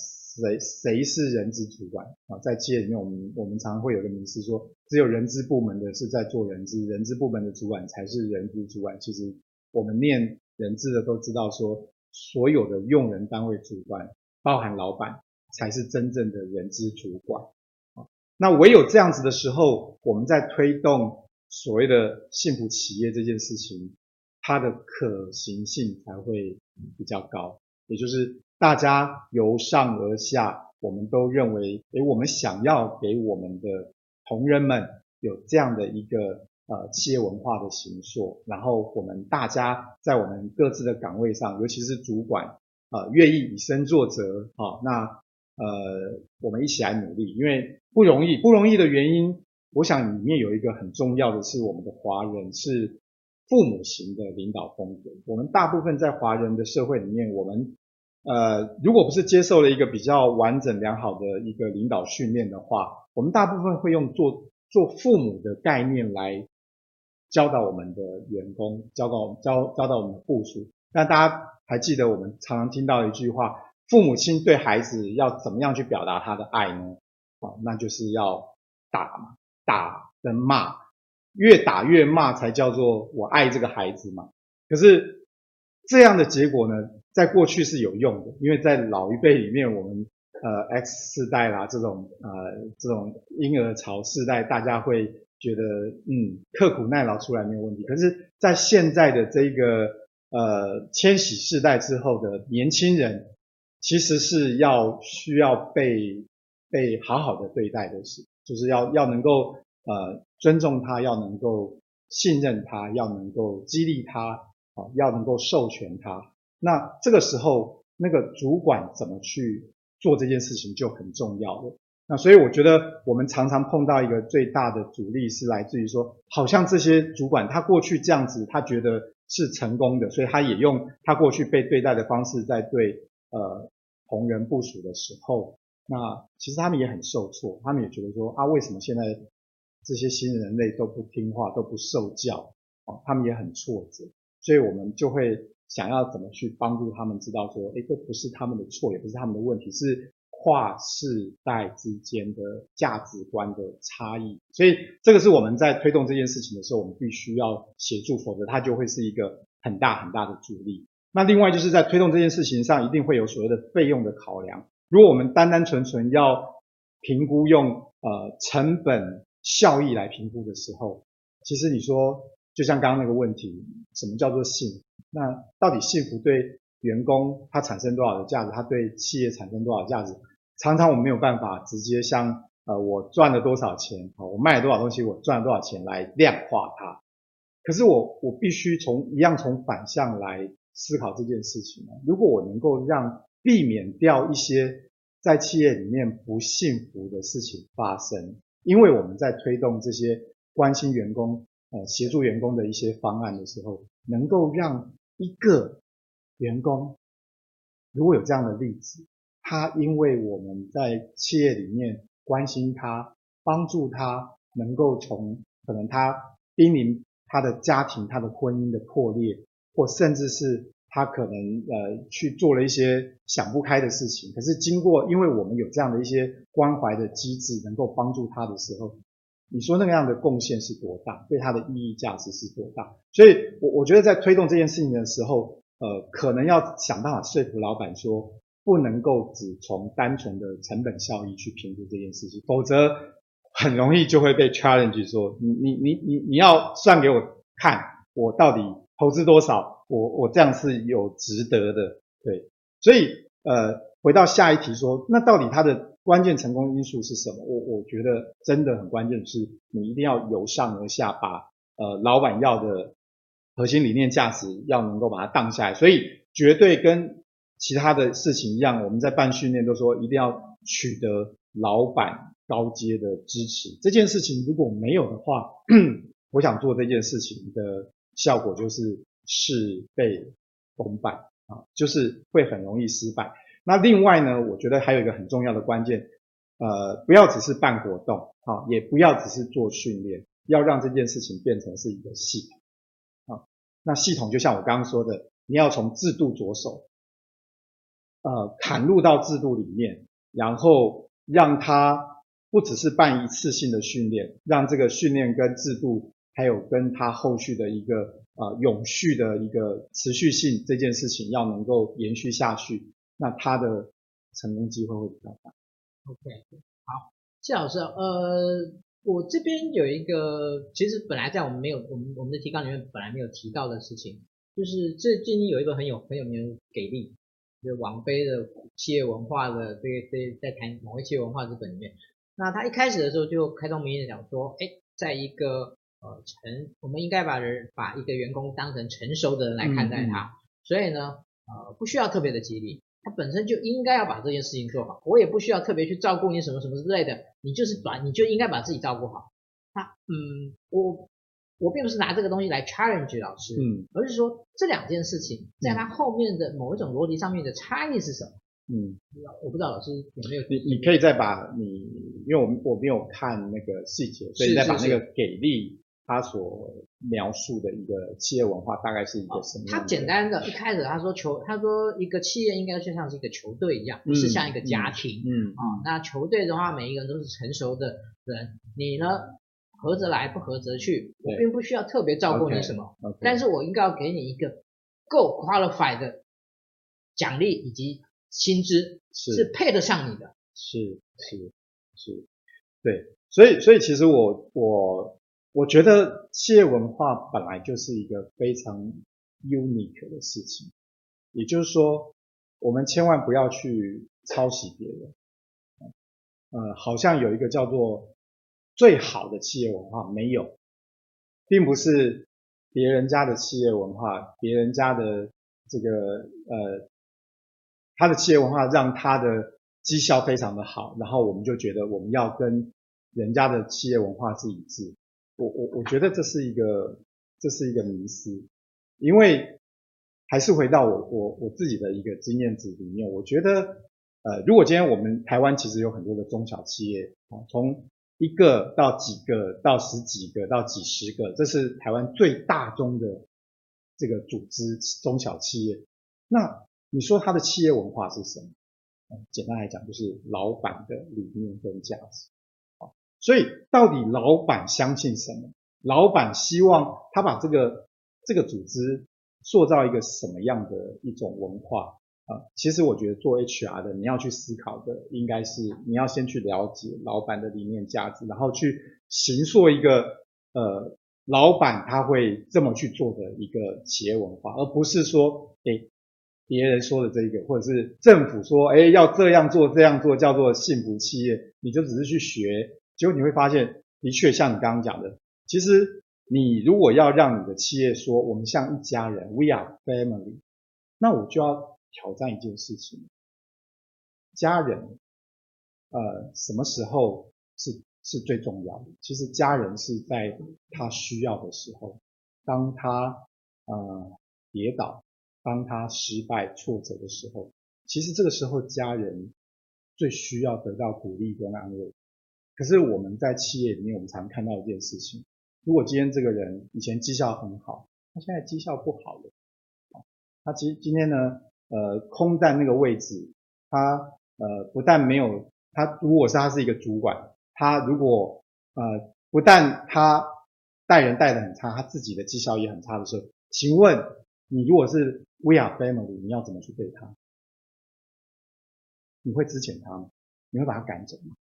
誰誰是人資主管啊，哦？在企業裡面，我們我們常常會有個名詞說，只有人資部門的是在做人資人資部門的主管才是人資主管。其實我們念人資的都知道說。所有的用人單位主管，包含老闆，才是真正的人資主管啊。那唯有這樣子的時候，我們在推動所謂的幸福企業這件事情，它的可行性才會比較高。也就是大家由上而下，我們都認為，誒，我們想要給我們的同仁們有這樣的一個。呃，企業文化的形塑，然後我們大家在我們各自的崗位上，尤其是主管，呃，願意以身作則。好，那呃，我們一起來努力，因為不容易，不容易的原因，我想裡面有一個很重要的是，我們的華人是父母型的領導風格，我們大部分在華人的社會裡面，我們呃，如果不是接受了一個比較完整良好的一個領導訓練的話，我們大部分會用做做父母的概念來。教導我們的員工，教導我們教教導我們的部屬。那大家還記得我們常常聽到一句話：父母親對孩子要怎麼樣去表達他的愛呢？哦，那就是要打嘛，打跟罵，越打越罵才叫做我愛這個孩子嘛。可是這樣的結果呢，在過去是有用的，因為在老一輩裡面，我們呃 X 世代啦，這種呃這種嬰兒潮世代，大家會。覺得嗯，刻苦耐勞出來沒有問題。可是，在現在的這個呃，千禧世代之後的年輕人，其實是要需要被被好好的對待、就是，的是就是要要能夠呃尊重他，要能夠信任他，要能夠激勵他啊、哦，要能夠授權他。那這個時候，那個主管怎麼去做這件事情就很重要了。那所以我覺得我們常常碰到一個最大的阻力是來自於說，好像這些主管他過去這樣子，他覺得是成功的，所以他也用他過去被對待的方式在對呃同仁部屬的時候，那其實他們也很受挫，他們也覺得說啊為什麼現在這些新人類都不聽話都不受教啊、哦，他們也很挫折，所以我們就會想要怎麼去幫助他們知道說，誒，這不是他們的錯，也不是他們的問題是跨世代之間的價值觀的差異，所以這個是我們在推動這件事情的時候，我們必須要協助，否則它就會是一個很大很大的阻力。那另外就是在推動這件事情上，一定會有所謂的費用的考量。如果我們單單純純要評估用呃成本效益來評估的時候，其實你說就像剛剛那個問題，什麼叫做幸福？那到底幸福對員工他產生多少的價值？他對企業產生多少的價值？常常我沒有辦法直接像呃，我賺了多少錢，好，我賣了多少東西，我賺了多少錢來量化它。可是我我必須從一樣從反向來思考這件事情。如果我能夠讓避免掉一些在企業裡面不幸福的事情發生，因為我們在推動這些關心員工，呃，協助員工的一些方案的時候，能夠讓一個員工如果有這樣的例子。他因為我們在企業裡面關心他，幫助他，能夠從可能他瀕臨他的家庭、他的婚姻的破裂，或甚至是他可能呃去做了一些想不開的事情。可是經過，因為我們有這樣的一些關懷的機制，能夠幫助他的時候，你說那個樣的貢獻是多大，對他的意義價值是多大？所以，我我覺得在推動這件事情的時候，呃，可能要想辦法說服老板說。不能夠只從單純的成本效益去評估這件事情，否則很容易就會被 challenge 說你你你你你要算給我看，我到底投資多少，我我這樣是有值得的，對。所以呃，回到下一題說，那到底它的關鍵成功因素是什麼？我我覺得真的很關鍵是，你一定要由上而下把呃老板要的核心理念價值要能夠把它荡下來，所以絕對跟。其他的事情一樣，我們在辦訓練都說一定要取得老板高階的支持。這件事情如果沒有的話，我想做這件事情的效果就是事倍功半啊，就是會很容易失敗。那另外呢，我覺得還有一個很重要的關鍵，呃，不要只是辦活動，啊，也不要只是做訓練，要讓這件事情變成是一個系統啊。那系統就像我剛剛說的，你要從制度着手。呃，砍入到制度裡面，然後讓他不只是辦一次性的訓練，讓這個訓練跟制度，還有跟他後續的一個呃永續的一個持續性這件事情要能夠延續下去，那他的成功機會會比較大。OK，好，謝老師，呃，我這邊有一個，其實本來在我們沒有我們我們的提綱裡面本來沒有提到的事情，就是這最近有一個很有很有名的給力。就網飛的企業文化的這個，在在談某一業文化資本裡面，那他一開始的時候就開宗明義的講說，哎，在一個呃成，我們應該把人把一個員工當成成熟的人來看待他，嗯嗯所以呢，呃，不需要特別的激勵，他本身就應該要把這件事情做好，我也不需要特別去照顧你什麼什麼之類的，你就是把你就應該把自己照顧好，他嗯我。我並不是拿這個東西來 challenge 老師，嗯，而是說這兩件事情在他後面的某一種邏輯上面的差異是什麼？嗯，我不知道老師有沒有你，你可以再把你，因為我我沒有看那個細節，所以再把那個給力是是是他所描述的一個企業文化大概是一個什麼樣，哦？他簡單的一開始他說球，他說一個企業應該就像是一個球隊一樣，不、嗯、是像一個家庭，嗯啊、嗯哦嗯，那球隊的話，每一個人都是成熟的人，你呢？嗯合則來，不合則去。我並不需要特別照顧你什麼，okay, okay, 但是我應該要給你一個夠 qualified 的獎勵以及薪資，是配得上你的。是是是，是，對。所以所以其實我我我覺得企業文化本來就是一個非常 unique 的事情，也就是說，我們千萬不要去抄襲別人。呃、嗯嗯，好像有一個叫做。最好的企業文化沒有，並不是別人家的企業文化，別人家的這個呃，他的企業文化讓他的績效非常的好，然後我們就覺得我們要跟人家的企業文化是一致，我我我覺得這是一個這是一個迷思，因為還是回到我我我自己的一個經驗值裡面，我覺得呃，如果今天我們台灣其實有很多的中小企業啊，從一個到幾個到十幾個到幾十個，這是台灣最大宗的這個組織中小企業。那你說它的企業文化是什麼？簡單來講，就是老板的理念跟價值。所以到底老板相信什麼？老板希望他把這個這個組織塑造一個什麼樣的一種文化？啊，其實我覺得做 HR 的，你要去思考的應該是你要先去了解老闆的理念、價值，然後去形塑一個呃，老闆他會這麼去做的一個企業文化，而不是說，哎，別人說的這一個，或者是政府說，哎，要這樣做、這樣做，叫做幸福企業，你就只是去學，結果你會發現，的確像你剛剛講的，其實你如果要讓你的企業說我們像一家人，We are family，那我就要。挑戰一件事情，家人，呃，什麼時候是是最重要的？其實家人是在他需要的時候，當他呃跌倒，當他失敗挫折的時候，其實這個時候家人最需要得到鼓勵跟安慰。可是我們在企業裡面，我們常看到一件事情：如果今天這個人以前績效很好，他現在績效不好了，他其實今天呢？呃，空在那個位置，他呃不但沒有，他如果是他是一個主管，他如果呃不但他帶人帶得很差，他自己的績效也很差的時候，請問你如果是 We are family，你要怎麼去對他？你會資遣他嗎？你會把他趕走嗎？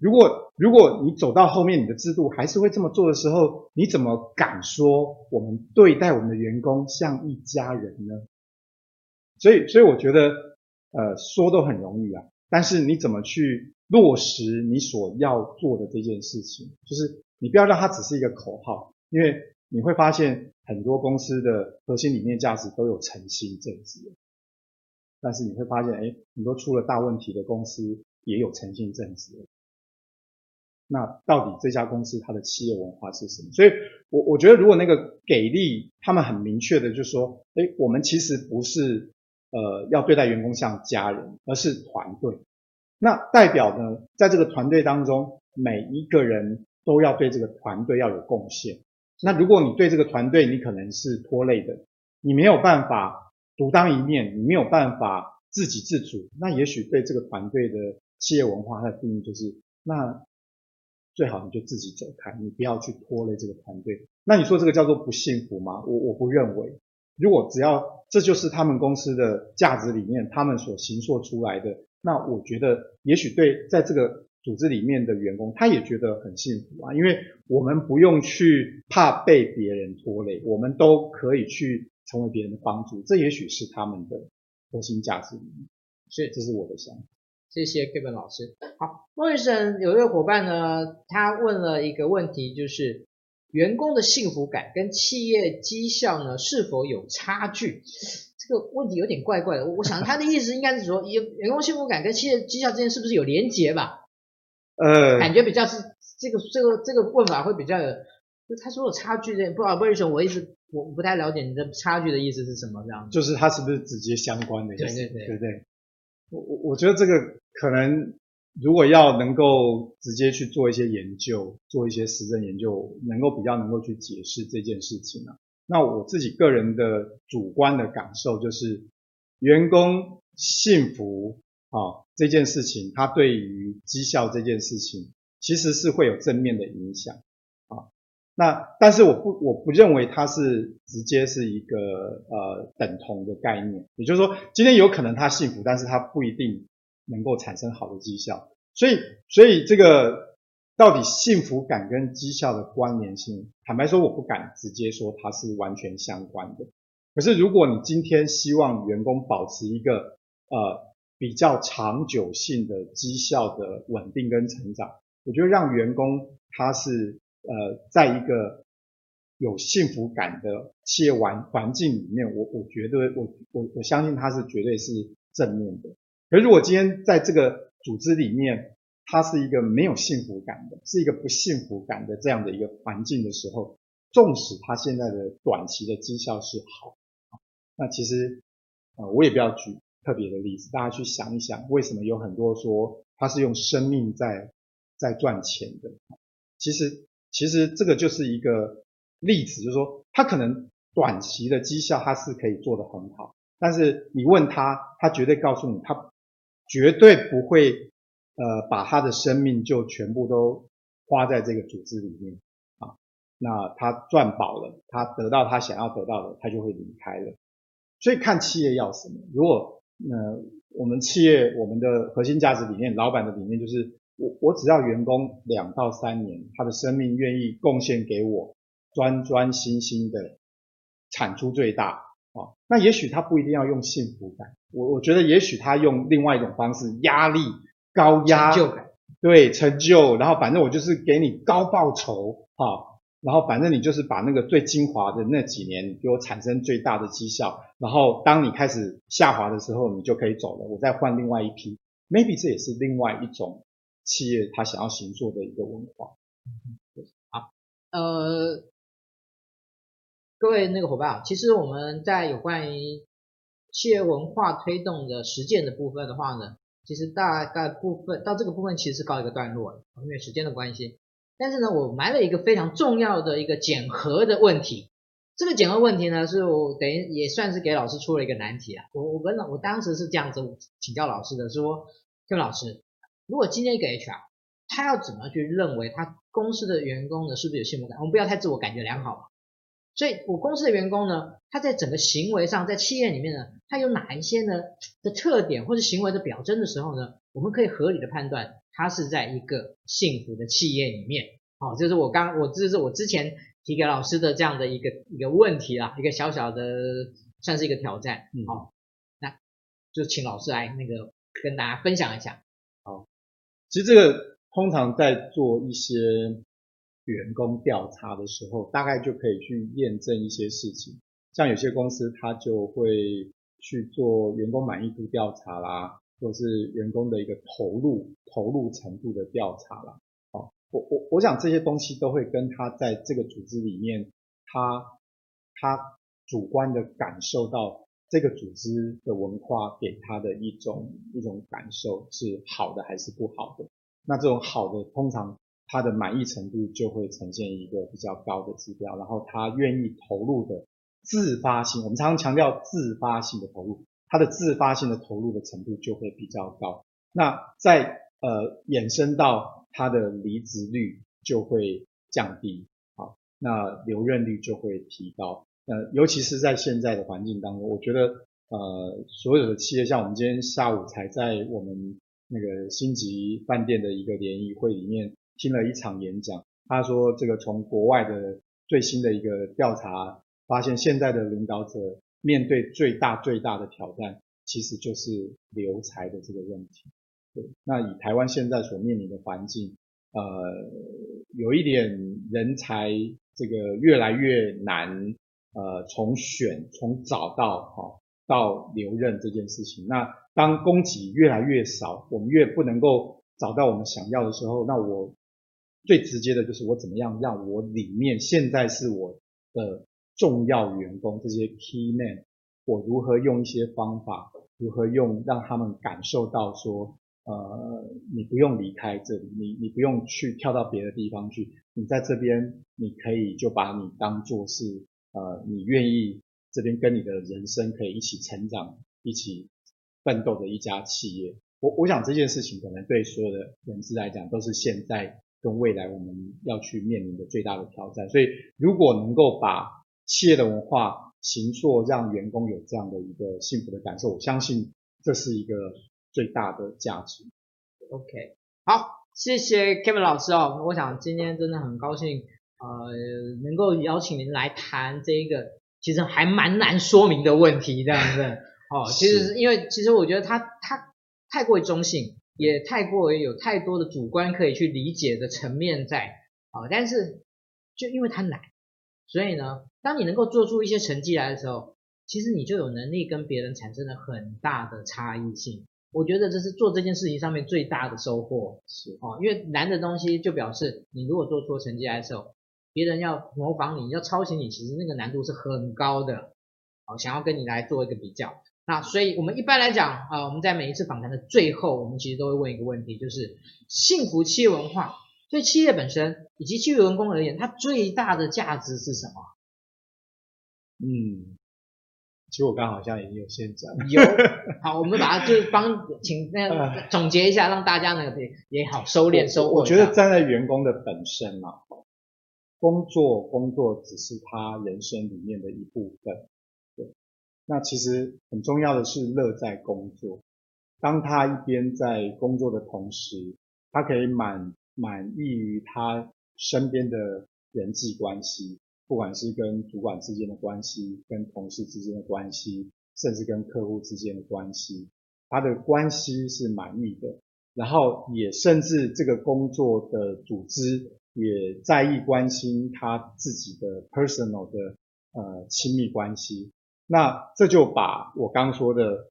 如果如果你走到後面，你的制度還是會這麼做的時候，你怎麼敢說我們對待我們的員工像一家人呢？所以，所以我覺得，呃，說都很容易啊，但是你怎麼去落實你所要做的這件事情？就是你不要讓它只是一個口號，因為你會發現很多公司的核心理念、價值都有誠信正直，但是你會發現，哎，很多出了大問題的公司也有誠信正直。那到底這家公司它的企業文化是什麼？所以我我覺得，如果那個給力，他們很明確的就說，哎，我們其實不是。呃，要對待員工像家人，而是團隊。那代表呢，在這個團隊當中，每一個人都要對這個團隊要有貢獻。那如果你對這個團隊，你可能是拖累的，你沒有辦法獨當一面，你沒有辦法自給自足。那也許對這個團隊的企業文化，它的定義就是，那最好你就自己走開，你不要去拖累這個團隊。那你說這個叫做不幸福嗎？我我不認為。如果只要，這就是他們公司的價值裡面，他們所形塑出來的，那我覺得也許對在這個組織裡面的員工，他也覺得很幸福啊，因為我們不用去怕被別人拖累，我們都可以去成為別人的幫助，這也許是他們的核心價值裡面。所以這是我的想法。謝謝 Kevin 老師。好，莫醫生，有一位夥伴呢，他問了一個問題，就是。員工的幸福感跟企業績效呢，是否有差距？這個問題有點怪怪的。我，我想他的意思應該是說，員工幸福感跟企業績效之間是不是有連結吧？呃，感覺比較是這個這個這個問法會比較有，就他說有差距這不好不認同。我一直我不太了解你的差距的意思是什麼這樣子。就是他是不是直接相關的意思？對對對對對。我我覺得這個可能。如果要能夠直接去做一些研究，做一些實證研究，能夠比較能夠去解釋這件事情呢、啊，那我自己個人的主觀的感受就是，員工幸福啊、哦、這件事情，他對於績效這件事情，其實是會有正面的影響啊、哦。那但是我不我不認為它是直接是一個呃等同的概念，也就是說，今天有可能他幸福，但是他不一定能夠產生好的績效，所以所以這個到底幸福感跟績效的關聯性，坦白說，我不敢直接說它是完全相關的。可是，如果你今天希望員工保持一個呃比較長久性的績效的穩定跟成長，我覺得讓員工他是呃在一個有幸福感的企業環環境裡面，我我覺得我我我相信他是絕對是正面的。可是如果今天在這個組織裡面，他是一個沒有幸福感的，是一個不幸福感的這樣的一個環境的時候，縱使他現在的短期的績效是好，那其實，我也不要舉特別的例子，大家去想一想，為什麼有很多說他是用生命在在賺錢的？其實，其實這個就是一個例子，就是說他可能短期的績效他是可以做得很好，但是你問他，他絕對告訴你他。絕對不會，呃，把他的生命就全部都花在這個組織裡面啊。那他賺飽了，他得到他想要得到的，他就會離開了。所以看企業要什麼。如果，呃，我們企業，我們的核心價值理念，老闆的理念就是，我我只要員工兩到三年，他的生命願意貢獻給我，專專心心的產出最大啊。那也許他不一定要用幸福感。我我覺得也許他用另外一種方式，壓力、高壓，成就感，對成就，然後反正我就是給你高報酬，哈，然後反正你就是把那個最精華的那幾年給我產生最大的績效，然後當你開始下滑的時候，你就可以走了，我再換另外一批。Maybe 這也是另外一種企業他想要行做的一個文化。嗯、好，呃，各位那個伙伴其實我們在有關於。企業文化推動的實踐的部分的話呢，其實大概部分到這個部分其實是告一個段落了，因為時間的關係。但是呢，我埋了一個非常重要的一個檢核的問題。這個檢核問題呢，是我等於也算是給老師出了一個難題啊。我我跟老我當時是這樣子請教老師的說，說 k 老師，如果今天一個 HR，他要怎麼去認為他公司的員工呢，是不是有幸福感？我們不要太自我感覺良好。所以我公司的員工呢，他在整個行為上，在企業裡面呢，他有哪一些呢的特點或者行為的表徵的時候呢，我們可以合理的判斷他是在一個幸福的企業裡面。好，就是我剛我這是我之前提給老師的這樣的一個一個問題啦，一個小小的算是一個挑戰。好，嗯，那就請老師來那個跟大家分享一下。好，其實這個通常在做一些。員工調查的時候，大概就可以去驗證一些事情，像有些公司他就會去做員工滿意度調查啦，或者是員工的一個投入投入程度的調查啦。好、哦，我我我想這些東西都會跟他在這個組織裡面，他他主觀的感受到這個組織的文化給他的一種一種感受是好的還是不好的。那這種好的通常，他的滿意程度就會呈現一個比較高的指標，然後他願意投入的自發性，我們常常強調自發性的投入，他的自發性的投入的程度就會比較高。那在呃衍生到他的離職率就會降低，好，那留任率就會提高。那尤其是在現在的環境當中，我覺得呃所有的企業，像我們今天下午才在我們那個星級飯店的一個聯誼會裡面。聽了一場演講，他說這個從國外的最新的一個調查發現，現在的領導者面對最大最大的挑戰，其實就是留才的這個問題。對，那以台灣現在所面臨的環境，呃，有一點人才這個越來越難，呃，從選從找到哈、哦、到留任這件事情。那當供給越來越少，我們越不能夠找到我們想要的時候，那我。最直接的就是我怎麼樣讓我裡面現在是我的重要員工這些 key man，我如何用一些方法，如何用讓他們感受到說，呃，你不用離開這裡，你你不用去跳到別的地方去，你在這邊，你可以就把你當做是呃，你願意這邊跟你的人生可以一起成長、一起奮鬥的一家企業。我我想這件事情可能對所有的人士來講都是現在。跟未來我們要去面臨的最大的挑戰，所以如果能夠把企業的文化形塑，讓員工有這樣的一個幸福的感受，我相信這是一個最大的價值。OK，好，謝謝 Kevin 老師哦，我想今天真的很高興，呃，能夠邀請您來談這一個其實還蠻難說明的問題，這樣子。 哦，其實因為其實我覺得他他太過於中性，也太過於有太多的主觀可以去理解的層面在啊，但是就因為它難，所以呢，當你能夠做出一些成績來的時候，其實你就有能力跟別人產生了很大的差異性。我覺得這是做這件事情上面最大的收穫。是啊，因為難的東西就表示你如果做出成績來的時候，別人要模仿你，要抄襲你，其實那個難度是很高的。好，想要跟你來做一個比較。那所以，我們一般來講啊，我們在每一次訪談的最後，我們其實都會問一個問題，就是幸福企業文化對企業本身以及企業員工而言，它最大的價值是什麼？嗯，其實我剛好像也有先講。 有，好，我們把它就是幫請那、呃、總結一下，讓大家呢也也好收斂收穫。我覺得站在員工的本身呢、啊，工作工作只是他人生裡面的一部分。那其實很重要的是樂在工作。當他一邊在工作的同時，他可以滿滿意於他身邊的人際關係，不管是跟主管之間的關係、跟同事之間的關係，甚至跟客戶之間的關係，他的關係是滿意的。然後也甚至這個工作的組織也在意關心他自己的 personal 的呃親密關係。那這就把我剛說的，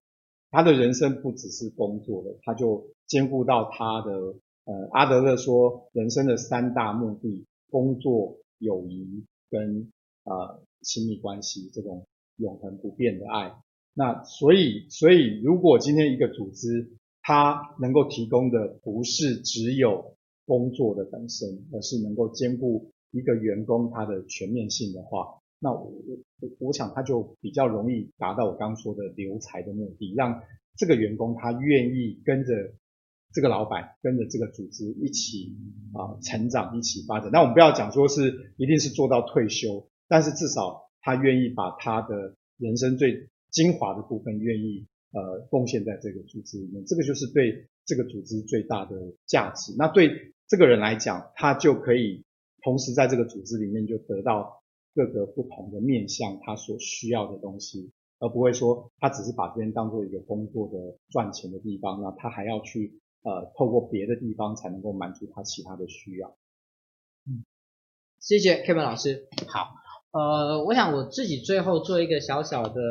他的人生不只是工作的，他就兼顧到他的呃阿德勒說人生的三大目的：工作、友誼跟啊、呃、親密關係這種永恆不變的愛。那所以，所以如果今天一個組織它能夠提供的不是只有工作的本身，而是能夠兼顧一個員工他的全面性的話。那我我我想他就比較容易達到我剛說的留才的目的，讓這個員工他願意跟着這個老闆，跟着這個組織一起啊成長，一起發展。那我們不要講說是一定是做到退休，但是至少他願意把他的人生最精華的部分，願意呃貢獻在這個組織裡面，這個就是對這個組織最大的價值。那對這個人來講，他就可以同時在這個組織裡面就得到。各個不同的面向，他所需要的東西，而不會說他只是把這邊當做一個工作的賺錢的地方，那他還要去呃透過別的地方才能夠滿足他其他的需要。嗯，謝謝 Kevin 老師。好，呃，我想我自己最後做一個小小的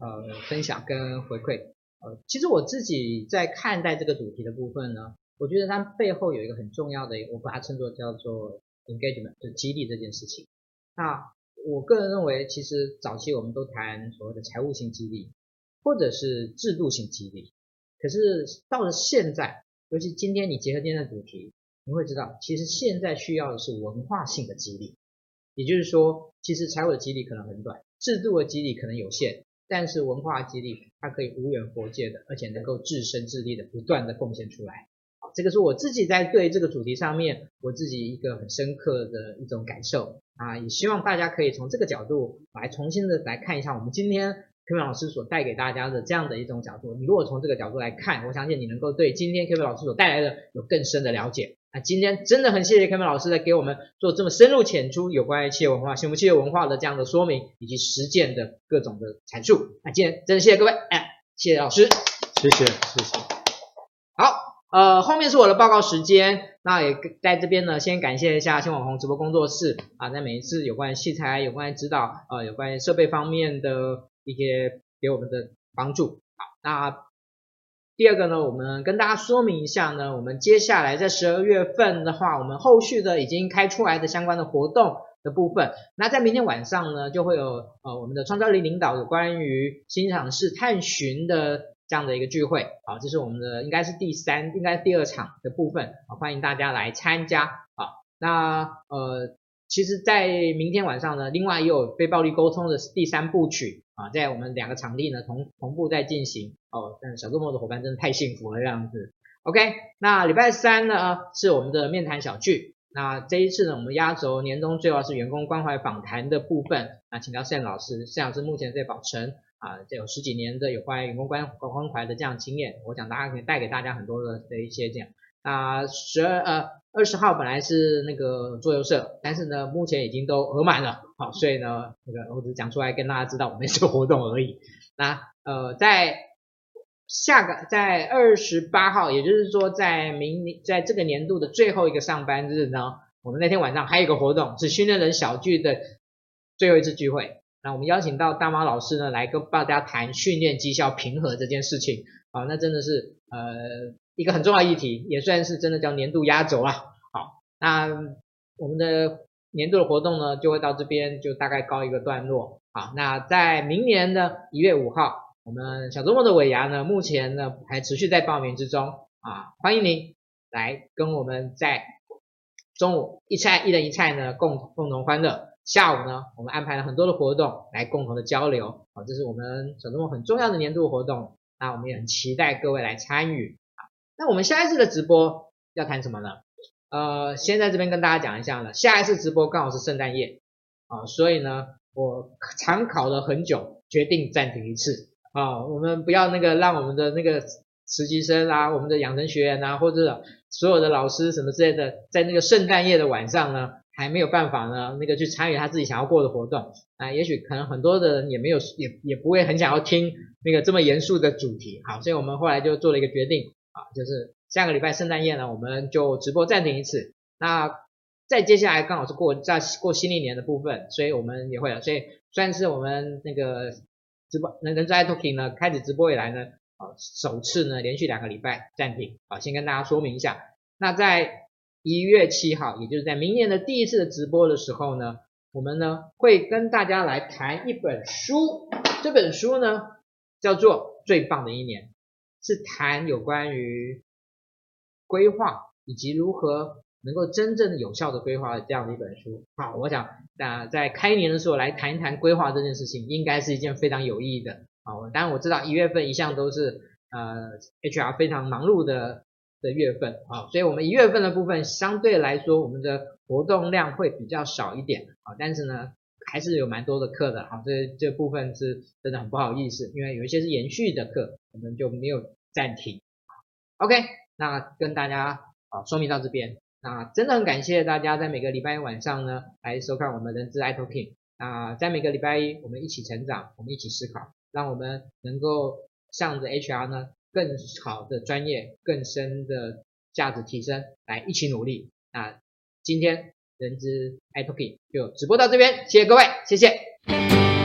呃分享跟回饋。呃，其實我自己在看待這個主題的部分呢，我覺得它背後有一個很重要的，我把它稱作叫做 engagement，就是激勵這件事情。那我個人認為，其實早期我們都談所謂的財務性激勵，或者是制度性激勵，可是到了現在，尤其今天你結合今天的主題，你會知道，其實現在需要的是文化性的激勵。也就是說，其實財務的激勵可能很短，制度的激勵可能有限，但是文化激勵它可以無遠弗屆的，而且能夠自生自立的不斷的貢獻出來。這個是我自己在對這個主題上面我自己一個很深刻的一種感受。啊，也希望大家可以從這個角度來重新的來看一下我們今天 Kevin 老師所帶給大家的這樣的一種角度。你如果從這個角度來看，我相信你能夠對今天 Kevin 老師所帶來的有更深的了解。啊，今天真的很謝謝 Kevin 老師在給我們做這麼深入淺出有關於企業文化、幸福企業文化的這樣的說明以及實踐的各種的闡述。啊，今天真的謝謝各位，哎，謝謝老師，謝謝，謝謝。呃，後面是我的報告時間，那也在這邊呢，先感謝一下新網紅直播工作室啊，在每一次有關器材、有關指導、呃，有關設備方面的一些給我們的幫助。好，那第二個呢，我們跟大家說明一下呢，我們接下來在十二月份的話，我們後續的已經開出來的相關的活動的部分，那在明天晚上呢，就會有呃我們的創造力領導有關於新嘗試探尋的。這樣的一個聚會，好，這是我們的應該是第三，應該是第二場的部分，歡迎大家來參加，好，那呃，其實，在明天晚上呢，另外也有非暴力溝通的第三部曲啊，在我們兩個場地呢同同步在進行哦。但小週末的夥伴真的太幸福了，這樣子。OK，那禮拜三呢是我們的面談小聚，那這一次呢我們壓軸，年終最後是員工關懷訪談的部分，那請到謝老師，謝老師目前在保誠。啊，這有十幾年的有關員工關關懷的這樣經驗，我想大家可以帶給大家很多的的一些這樣。啊十二、呃二十號本來是那個桌遊社，但是呢目前已經都額滿了，好、啊，所以呢那個我只講出來跟大家知道我們是活動而已。那、啊、呃在下個在二十八號，也就是說在明年在這個年度的最後一個上班日呢，我們那天晚上還有一個活動，是訓練人小聚的最後一次聚會。那我們邀請到大媽老師呢，來跟大家談訓練績效平和這件事情啊，那真的是呃一個很重要的議題，也算是真的叫年度壓軸了。好，那我們的年度的活動呢，就會到這邊就大概告一個段落啊。好，那在明年的一月五號，我們小周末的尾牙呢，目前呢還持續在報名之中啊，歡迎您來跟我們在中午一菜一人一菜呢共共同歡樂。下午呢，我們安排了很多的活動來共同的交流，啊，這是我們小週末很重要的年度活動，那我們也很期待各位來參與，那我們下一次的直播要談什麼呢？呃，先在這邊跟大家講一下呢，下一次直播剛好是聖誕夜，啊、呃，所以呢，我參考了很久，決定暫停一次，啊、呃，我們不要那個讓我們的那個實習生啊，我們的養成學員啊，或者所有的老師什麼之類的，在那個聖誕夜的晚上呢。還沒有辦法呢，那個去參與他自己想要過的活動啊，也許可能很多的人也沒有也也不會很想要聽那個這麼嚴肅的主題，好，所以我們後來就做了一個決定啊，就是下個禮拜聖誕夜呢，我們就直播暫停一次，那再接下來剛好是過再過新曆年的部分，所以我們也會了，所以算是我們那個直播那人資 i Talking 呢開始直播以來呢，啊，首次呢連續兩個禮拜暫停啊，先跟大家說明一下，那在。一月七號，也就是在明年的第一次的直播的時候呢，我們呢會跟大家來談一本書，這本書呢叫做《最棒的一年》，是談有關於規劃以及如何能夠真正有效的規劃的這樣的一本書。好，我想那、呃、在開年的時候來談一談規劃這件事情，應該是一件非常有意義的啊。當然我知道一月份一向都是呃 HR 非常忙碌的。的月份啊，所以我們一月份的部分相對來說，我們的活動量會比較少一點啊，但是呢，還是有蠻多的課的啊，這這部分是真的很不好意思，因為有一些是延續的課，我們就沒有暫停。OK，那跟大家啊說明到這邊，那真的很感謝大家在每個禮拜一晚上呢來收看我們人資 i Talking，啊，在每個禮拜一我們一起成長，我們一起思考，讓我們能夠向着 HR 呢。更好的專業、更深的價值提升，來一起努力啊！今天人資 i Talking 就直播到這邊，謝謝各位，謝謝。